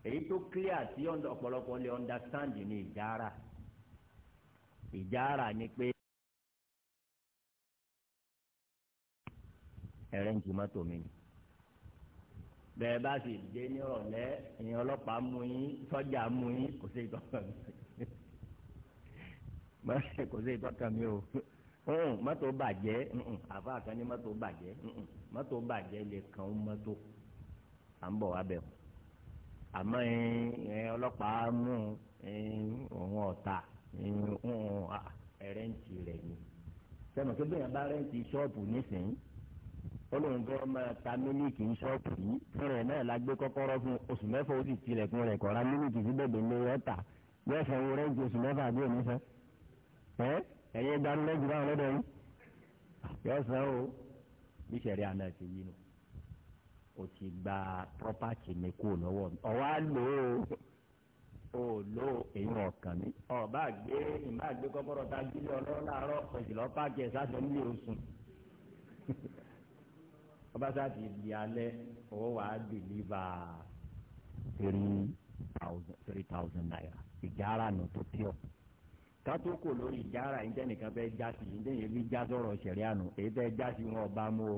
èyí tó clear tí ọ̀pọ̀lọpọ̀ lè understand ní ìjára ìjára ni pé ẹ̀rẹ́ ń ju mọ́tò mi ni bẹ́ẹ̀ bá sì dé ní ọ̀lẹ́ ẹ̀yin ọlọ́pàá mú yín sọ́jà mú yín kò sí ìtọ́kàn mi *laughs* kò sí ìtọ́kàn mi o mọ́tò bàjẹ́ àfa kan ní mọ́tò bàjẹ́ mọ́tò bàjẹ́ lè kàn ó mọ́tò à ń bọ̀ wá bẹ̀ kù àmọ́ ọlọ́pàá mú òun ọ̀tá ẹ̀rẹ́ǹtì rẹ̀ ni sẹ́nu tó gbìyànjú bá rẹ́ǹtì ṣọ́ọ̀bù nísìnyí olóhùn tó máa ta mílíìkì ní ṣọ́ọ̀bù yìí fún rẹ̀ náà la gbé kọ́kọ́rọ́ fún oṣù mẹ́fà ó sì tilẹ̀kùn rẹ̀ kọ́ra mílíìkì sí bẹ̀bẹ̀ lé rẹ̀ tà yóò fẹ́ wo rẹ́ǹtì oṣù mẹ́fà bí òní fẹ́ ẹ́ ẹ̀yẹ́ gbanulẹ́jù báwọn lọ́dọ̀ yìí yọ sàn ó bí sẹ̀rí àná ti yí nu o ti gba property mi kú lọ́wọ́ mi ọ̀wá lò ó o lò ó èyí ọ̀kan mi. ọba gbé ìmọ̀ àgbé kọ́kọ́rọ́ ta jí lọ lọ́wọ́ láàárọ̀ òjìlọ́ páàkì ẹ̀ sáfẹ́ nílé oṣù. ọba sáàtì di alẹ́ owó wàá dìlíva three thousand three thousand naira ìjára nù tó pure kátókò lórí ìjára ìjẹ́nìkan fẹ́ já sí ìjẹ́nìkan fi já sọ̀rọ̀ sẹ̀ríà nù èyí fẹ́ já sí wọn ọba mú o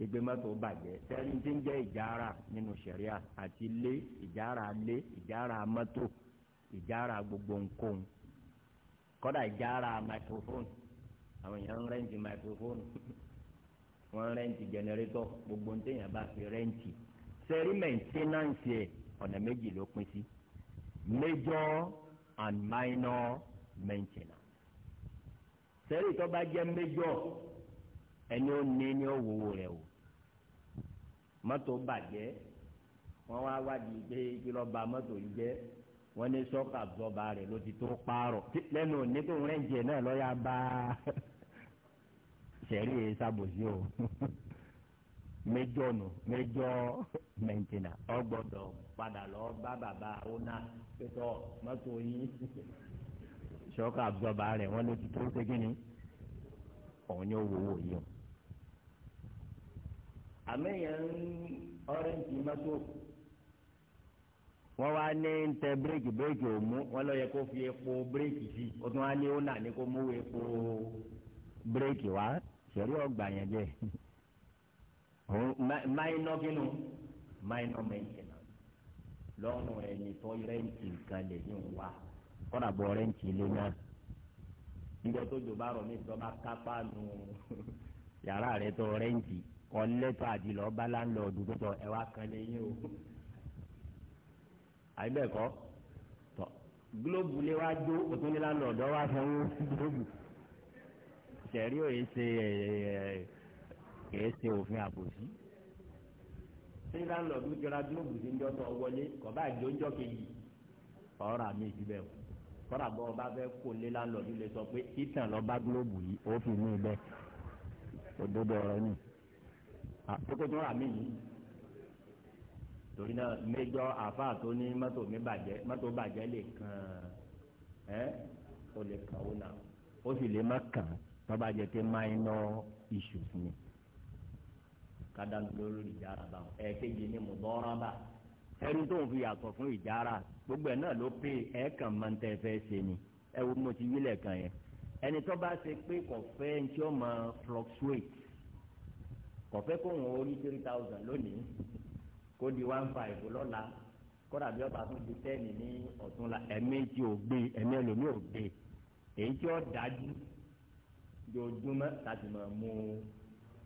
ìgbé mọ́tò bàjẹ́ sẹ́ni tí ń jẹ́ ìjára nínú sẹ̀ríà àti lé ìjára lé ìjára mọ́tò ìjára gbogbo nǹkan kọ́dà ìjára microphone àwọn èèyàn ń rẹ́ǹtì microphone *laughs* wọ́n rẹ́ǹtì generator gbogbo ntẹ̀yìn bá fi rẹ́ǹtì sẹ́rí mẹ́ǹtẹ́nánsì ẹ̀ ọ̀nà méjì ló pín sí major and minor maintenance sẹ́rí tó bá jẹ́ major ẹni ó ní ní òwòwò rẹ̀ o mọ́tò bàjẹ́ wọ́n wá wádìí pé kí ló ba mọ́tò yìí jẹ́ wọ́n ní sọ́kà zọba rẹ̀ ló ti tó paarọ̀ lẹ́nu òní tó ń rẹ́ǹjẹ̀ náà lọ́ọ́ yá bá sẹ́rí *laughs* ẹ̀ e sábòsí o *laughs* méjọ nù méjọ mẹ̀ǹtẹ̀nà ọgbọ́dọ̀ padà lọ bá bàbá ọ̀nà pẹ̀tọ́ mọ́tò yín *laughs* sọ́kà zọba rẹ̀ wọ́n ló ti tó ṣe kí ni òun ni wò wò yìí o. àmẹ́yàn ń ọ́rẹ́ǹtì mọ́tò wọ́n wá ní tẹ bírèkì bírèkì ò wọ́n lọ epo bírèkì sí o tún wá ní ó nà ní kó mú epo bírèkì wá sẹ̀rí ọgbà yẹn jẹ́ máìnọ́ kínú máìnọ́ mẹ́tẹ̀nà lọ́rùn ẹni tó rẹ́ǹtì nǹkan lè ní wá kọ́nà bọ̀ rẹ́ǹtì ilé náà níjọ́ tó jò bá rọ̀ kápá nu yàrá rẹ̀ tó rẹ́ǹtì. ọ̀lẹ́tọ̀ àdìlọ bá láńlọ́ọ̀dù pẹ̀tọ̀ ẹ wá kan lẹ́yìn o. àyíbẹ̀kọ́ tọ gílóòbù lé wá jó òtún ní láńlọ́ọ̀dù wá sanwó gílóòbù. sẹ̀rí ò yẹ ṣe kìí ṣe òfin àbòsí. jọra gílóòbù sí ń wọlé kejì àmì kọ́ra bọ́ ọba fẹ́ kó lé lè sọ pé ìtàn lọ́ba gílóòbù yìí fi òdodo ọ̀rọ̀ àkókò ah, tó rà mí yìí torí náà méjọ àfa tó ní mọ́tò mi bàjẹ́ mọ́tò bàjẹ́ lè kàn ẹ́ o lè kàn ó náà ó sì lè má kàn tọ́ba jẹ́ pé minor issues ni kádàlú lórí ìjára bá ẹ kéje ní mùdọ́rọ́bà ẹni tó ń fi yàtọ̀ fún ìjára gbogbo ẹ̀ náà ló pè é kàn máa ń tẹ́ fẹ́ ṣe ni ẹ wo mo ti wílẹ̀ kàn yẹn ẹni tó bá ṣe pé kò fẹ́ ẹni tí ó máa fluctuate kọ̀fẹ́ kó wọn orí three thousand lónìí kó di one five lọ́la kódà bí ọba tún di ten ní ọ̀túnla ẹ̀mí tí ò gbé ẹ̀mí ẹlòmí ò gbé èyí tí ó dájú jojúmọ́ láti máa mú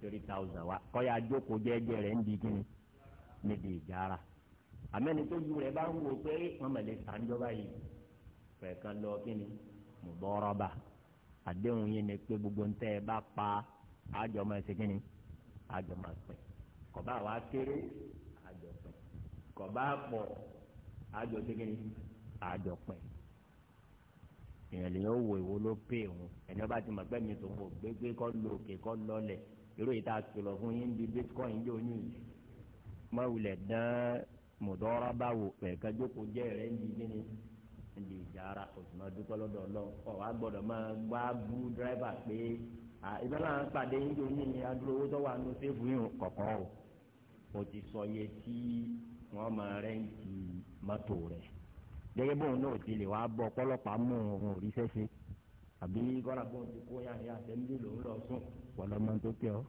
three thousand wa kọ́ya jókòó jẹ́jẹ́ rẹ̀ ń di kíni níbi ìjára àmẹ́ni tó ju rẹ̀ bá ń wo pé wọ́n mẹ̀lẹ́ sàǹjọba yìí fẹ̀ẹ̀kan lọ kíni mọ̀bọ́rọ́bà àdéhùn yẹn ni pé gbogbo ń tẹ́ ẹ bá pa àjọmọ́ ẹ̀sìn kíni àjọ máa pín kọba àwa kéré àjọ pín kọba pọ̀ àjọ dégé àjọ pín èèyàn lè yóò wo ìwo ló pè òun ẹni ọba ti mọ pé mi tòun ò gbégbé kọ lò òkè kọ lọlẹ irú yìí tá a kìlọ̀ fún yín bí bitcoin yóò ní ìlú mọ̀wulẹ̀ dán mọ̀dọ́rọ́ bá wò ẹ̀ka jókòó jẹ́ rẹ̀ ń di gíní ń di ìjà ara òtún ọdún kọ́lọ́dọ̀ lọ ọ̀ wá gbọ́dọ̀ máa gbá bú dírẹ́bà ìbá máa ń pàdé yín lórí ní adúlọ owó tó wà ní sèfù yìí kọ̀ọ̀kan o o ti sọ iye tí wọ́n máa rẹ́ǹtì mọ́tò rẹ̀ gẹ́gẹ́ bóun náà ti lè wá bọ́ ọ̀pọ̀lọpàá mú òun rí sẹ́sẹ́ àbí kọ́ra bóun ti kó yàrá yàtẹ̀ ń bí lòun lọ sùn wọ́n lọ́mọ tó kẹ́ ọ.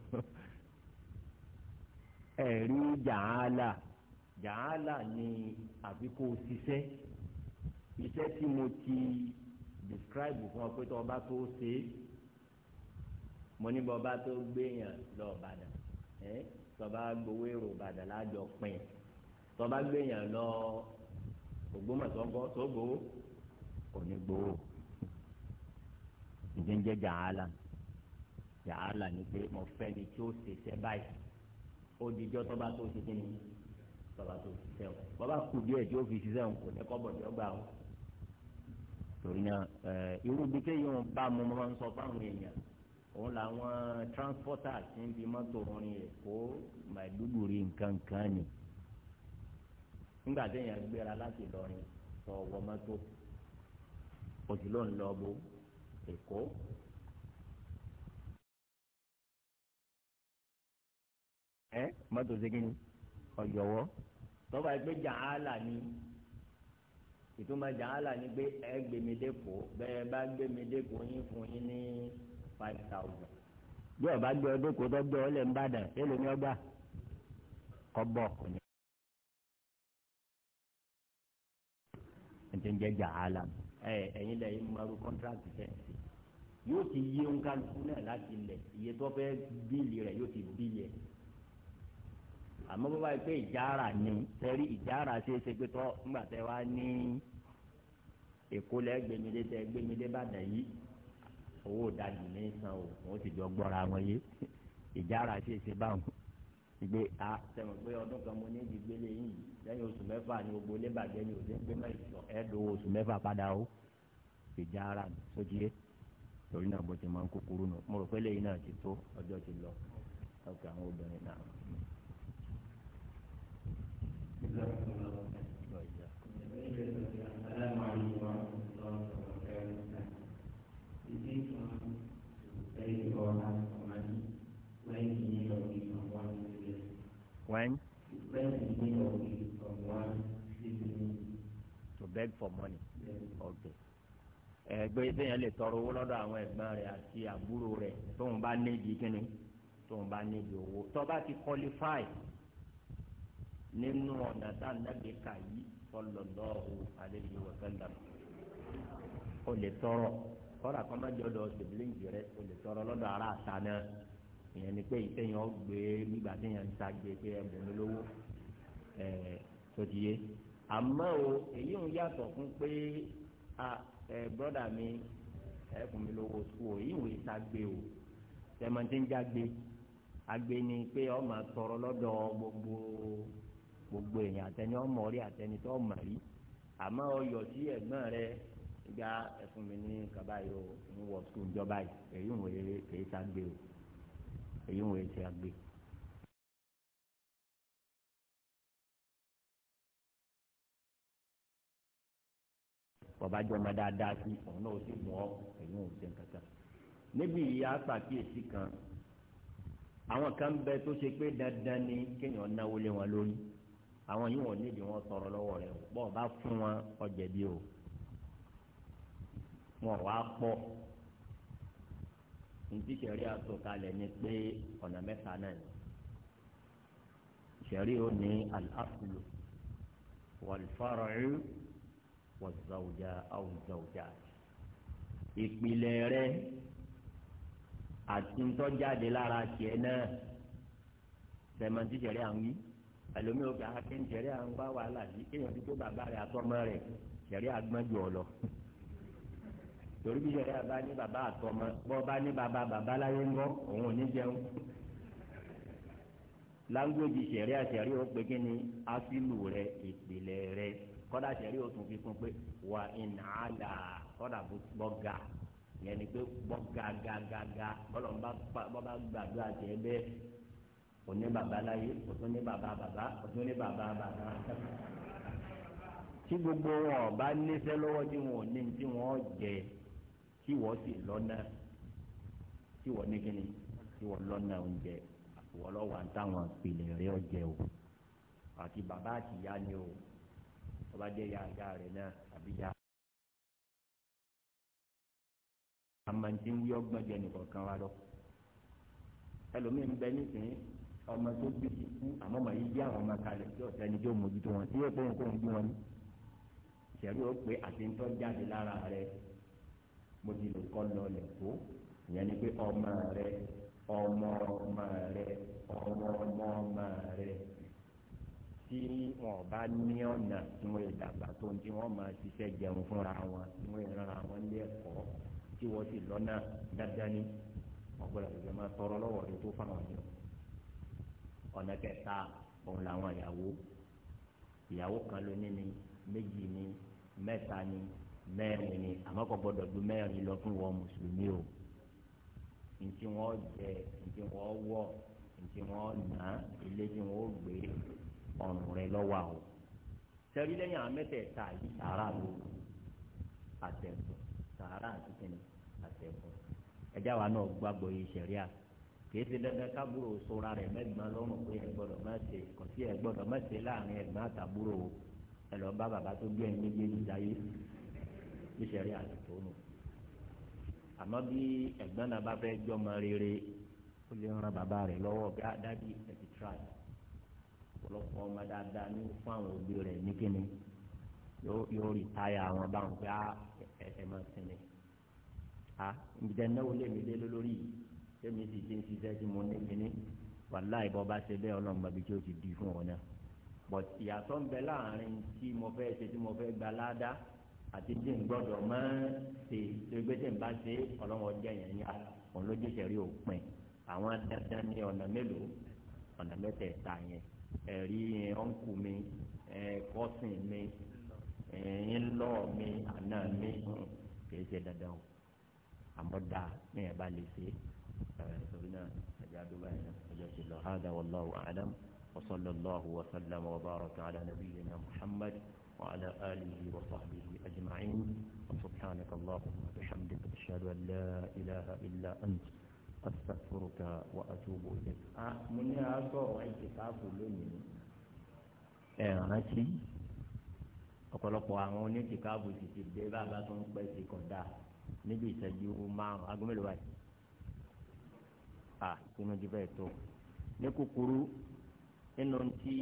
*laughs* ẹ̀rí jàálà jàálà ni àfi ṣiṣẹ́ iṣẹ́ tí mo ti describe fún ọ pé tó o bá tó o ṣe é mo ní bọba tó gbéyàn lọ Ìbàdàn ẹ tọba gbowó èrò Ìbàdàn lájọ pin tọba gbéyàn lọ Ògbómọ̀ṣọ́ gbọ tó gbowó kò gbowó ìdíjẹ jàhálà jàhálà ni pé mo fẹ́ ni tí ó ṣe ṣe báyìí ó dijọ́ tọba tó ṣe kí ni tọba tó ṣiṣẹ́ o bọba kù díẹ̀ tí ó fi ṣiṣẹ́ o kò ní kọ́bọ̀ tí ó gbà o torí náà irú bí kéèyàn bá mo máa ń sọ fáwọn èèyàn òun làwọn transporters ń bi mọ́tò orin èkó màdúgbòrì nkankan ni nígbà téèyàn gbéra láti lọrin tó wọ mọ́tò òsì ló ń lọ bo èkó. ẹ mọ́tò segin ọ̀yọ̀wọ́ tọ́ba ẹgbẹ́ jàhálà ni ìtumọ̀ jàhálà ni pé ẹ gbèmídé kó bẹ́ẹ̀ bá gbèmídé kó yín fún yín ní five thousand bí ọba gbé ọdún kó tó gbé ọlẹ́ ńbàdàn èlò ní ọgbà kọ́bọ̀ kò ní. ẹ̀jẹ̀ ń jẹ́ jàhálà ẹ̀yin lẹ́yìn mọ́rú kọ́ńtrákì fẹ́ǹsì yóò ti yé onkaluku náà láti lẹ̀ iye tó fẹ́ bíìlì rẹ̀ yóò ti bíìlì ẹ̀ àmọ́ bó bá pé ìjára ni tẹ́rí ìjára ṣe é ṣe pé tọ́ ńgbà tẹ́ wá ní èkó lẹ́ tẹ́ gbẹmídé bàdàn yìí owó ìdajì ní san o wọ́n sì jọ gbọ́ra wọn yé ìjára ṣe é ṣe báwọn ìgbé a sẹ̀wọ̀n pé ọdún kan mo ní ìdígbélé yìí lẹ́yìn oṣù mẹ́fà ni gbogbo lébàjẹ́ ni òde ń gbé mẹ́rin sọ ẹ̀ẹ́dọ̀ oṣù mẹ́fà padà o ìjára sójúyé torí náà bó ti máa ń kúkúrú nù mo rò pé lẹ́yìn náà ti tó ọjọ́ ti lọ ọkọ̀ àwọn obìnrin náà. Thank you. when? to beg for money. okay. ẹgbẹ́ eh, sẹ́yìn lè tọrọ owó lọ́dọ̀ àwọn ẹ̀gbọ́n rẹ̀ àti àbúrò rẹ̀ tóun bá níbi kíni tóun bá níbi owó tó ti qualify nínú ọ̀nà tá nàgbé kà yí o alayhi wa o lè tọrọ kọ́ra o lè tọrọ lọ́dọ̀ ara ìyẹn ni pé ìtẹ̀yìn ọgbẹ́ nígbà téèyàn ń pé ẹ̀bùn lówó ẹ̀ àmọ́ o èyí ń mi ẹ̀kùn mi lówó sùn o èyí ń wò o tẹ̀mọ̀tì ń jágbe agbe ni pé ọmọ tọrọ lọ́dọ̀ gbogbo gbogbo èèyàn àtẹni ọmọ rí àtẹni tó ọmọ rí àmọ́ ọyọ̀ tí rẹ gba kaba yìí o ń wọ̀ sùn jọba yìí èyí ń èyí ń wọ ẹsẹ̀ àgbè. bàbá jọ ọmọ dáadáa sí òun náà ó sì mọ èyí ń wọ ẹsẹ̀ kankan. níbi ìyá pàkíyèsí kan àwọn kan bẹ tó ṣe pé dandan ni kéèyàn náwó lé wọn lórí àwọn yìí wọn nídìí wọn tọrọ lọ́wọ́ rẹ bọ ọba fún wọn ọjẹbi o wọn wàá pọ ntí sẹ̀rí àtọ̀kalẹ̀ ni pé ọ̀nà mẹ́ta náà ni sẹ̀rí ò ní al-aslu wal-far'u waz-zawja aw az-zawjat ìpìlẹ̀ rẹ àti ntọ́jáde lára tiẹ̀ náà sẹ̀mọ̀ntí sẹ̀rí àwọn yìí ẹlòmí òkè akéwìn ah, sẹ̀rí àwọn bá wàhálà yìí kéèyàn ti tó bàbá rẹ̀ àtọ́mọ́ rẹ̀ sẹ̀rí àgbọ̀njọ́ lọ torí bí yàrá bá ní bàbá àtọmọ bọ́ bá ní bàbá bàbá láyé ńgọ́ òun ò ní jẹun láńgbèjì sẹ̀ríà sẹ̀rí ó pé kí ni asílù rẹ ìpìlẹ̀ rẹ kọ́dà sẹ̀rí ó tún fi kún pé wà ìnàlà kọ́dà bọ́gà yẹn ni pé bọ́gà gàgàgà bọ́lọ̀ bọ́bá gbàdúrà tẹ́ bẹ́ẹ̀ kò ní bàbá láyé kò tún ní bàbá bàbá kò tún ní bàbá bàbá tí gbogbo wọn ọba níṣẹ́ lọ́wọ́ tí wọn ò ní tí wọn jẹ tí wọ́n sì lọ́nà tí wọ́n ní kíni tí wọ́n lọ́nà oúnjẹ àtiwọ́ lọ́wọ́ àtàwọn ìpìlẹ̀ rẹ̀ ọ̀jẹ̀ o àti bàbá àti ìyá ni o ọba jẹ́ ìyá ìyá rẹ̀ náà àbí ìyá. àmàǹtí ń wí ọgbọ́n jẹ nìkan kan wá lọ ẹlòmíín bẹ nísìnyí ọmọ tó bí ti kú àmọ́ màá yí bí àwọn ọmọ kalẹ̀ tí ọ̀sẹ̀ ni tí ó mójútó wọn tí yóò kóhun kóhun bí wọn ní. ìṣẹ̀rí ó pé àti ń tọ́ jáde lára rẹ̀ mo ti lè kọ́ lọ lẹ̀ tó ìyẹn ni pé ọmọ rẹ ọmọ ọmọ rẹ ọmọ ọmọ ọmọ rẹ tí wọn bá ní ọ̀nà tí wọn lè dàgbà tó ń tí wọn máa ṣiṣẹ́ jẹun fúnra wọn tí wọn lè rán àwọn ilé ẹ̀kọ́ tí wọ́n sì lọ́nà dáadáa ní ọ̀gbọ́dọ̀ ìgbà máa tọrọ lọ́wọ́ rẹ tó fáwọn yẹn ọ̀nà kẹta òun làwọn ìyàwó ìyàwó kan ló ní ni méjì ni mẹ́ta ni mẹ́rin ni àmọ́ kò gbọ́dọ̀ ju mẹ́rin lọ fún wọn mùsùlùmí o ntí wọn jẹ ntí wọn wọ ntí wọn nà ilé tí wọn gbé ọrùn rẹ lọ́wọ́ o sẹ́rí lẹ́yìn àwọn mẹ́tẹ̀ẹ̀ta yìí sàárà ló àtẹ̀kùn sàárà àti kìnnì àtẹ̀kùn ẹ̀já wa náà gbàgbọ́ yìí sẹ̀ríà kìí ṣe dandan kábúrò sora rẹ̀ mẹ́gbọ́n lọ́rùn pé ẹ gbọ́dọ̀ má ṣe kò sí ẹ gbọ́dọ̀ má ṣe láàrin ẹ̀gbọ́n àtàbúrò ẹ lọ bá bàbá tó gbé ẹ méjèèjì dáyé bí sẹ̀rí àtúntò nù. àmọ́ bí ẹ̀gbọ́n náà bá fẹ́ jọmọ rere ó lè ran bàbá rẹ̀ lọ́wọ́ bí adájú ẹ̀ ti tra ẹ̀ ọ̀pọ̀lọpọ̀ ọmọ dáadáa ní fún àwọn òbí rẹ̀ ní kíni yóò rí táyà àwọn báwọn pé ah, ẹ̀ máa sinmi. a ah, ǹjẹ́ náwó lè mi lé lórí yìí tẹ́mi sì ti ń ṣiṣẹ́ tí mo ní kíní wàláì bọ́ bá ṣe bẹ́ẹ̀ ọlọ́mọba bí tí ó ti di fún ọ náà. bọ̀t ìyàtọ̀ ń bẹ láàrin tí mo fẹ́ ṣe tí mo fẹ́ gba ládàá àti tí n gbọ́dọ̀ mọ́ ṣe gbégbé tí n bá ṣe ọlọ́wọ́ jẹ́ yẹn ní àwọn olójúṣe rí òpin àwọn dandan ní ọ̀nà mélòó ọ̀nà mẹ́tẹ̀ẹ̀ta yẹn ẹ̀rí ọ̀nkù mi kọ́sìn mi ńlọ mi àná mi kìí ṣe dandan o àmọ́ dá ní ẹ̀ bá lè ṣe torí náà ẹ̀jẹ̀ àdúgbò yẹn ẹ̀jẹ̀ ti lọ hádà wallahu a'lam wa sallallahu wa sallama wa baraka ala nabiyyina Muhammad. وعلى آله وصحبه أجمعين وسبحانك اللهم وبحمدك أشهد أن لا إله إلا أنت أستغفرك وأتوب إليك mo ní aṣọ ìtìkáàfù lónìí ẹ àwọn onítìkáàfù sì ti dé bàbá tó ń pẹ́ sí kọ̀dá níbi ìṣẹ́jú márùn-ún agomẹ́lẹ́ báyìí à sínú jù bẹ́ẹ̀ tó ní kúkúrú nínú ti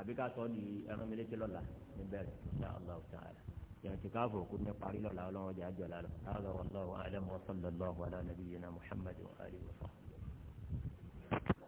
àbí ká sọ di ẹran mi létí lọ́la níbẹ̀rẹ̀ ṣá allah ta'ala yàtí káfọ̀ kú ní parí lọ́la ọlọ́run jẹ́ àjọ lálọ́ hàgà wàlláhu alam wa sallallahu ala nabiyyina muhammad wa alihi wa sallam.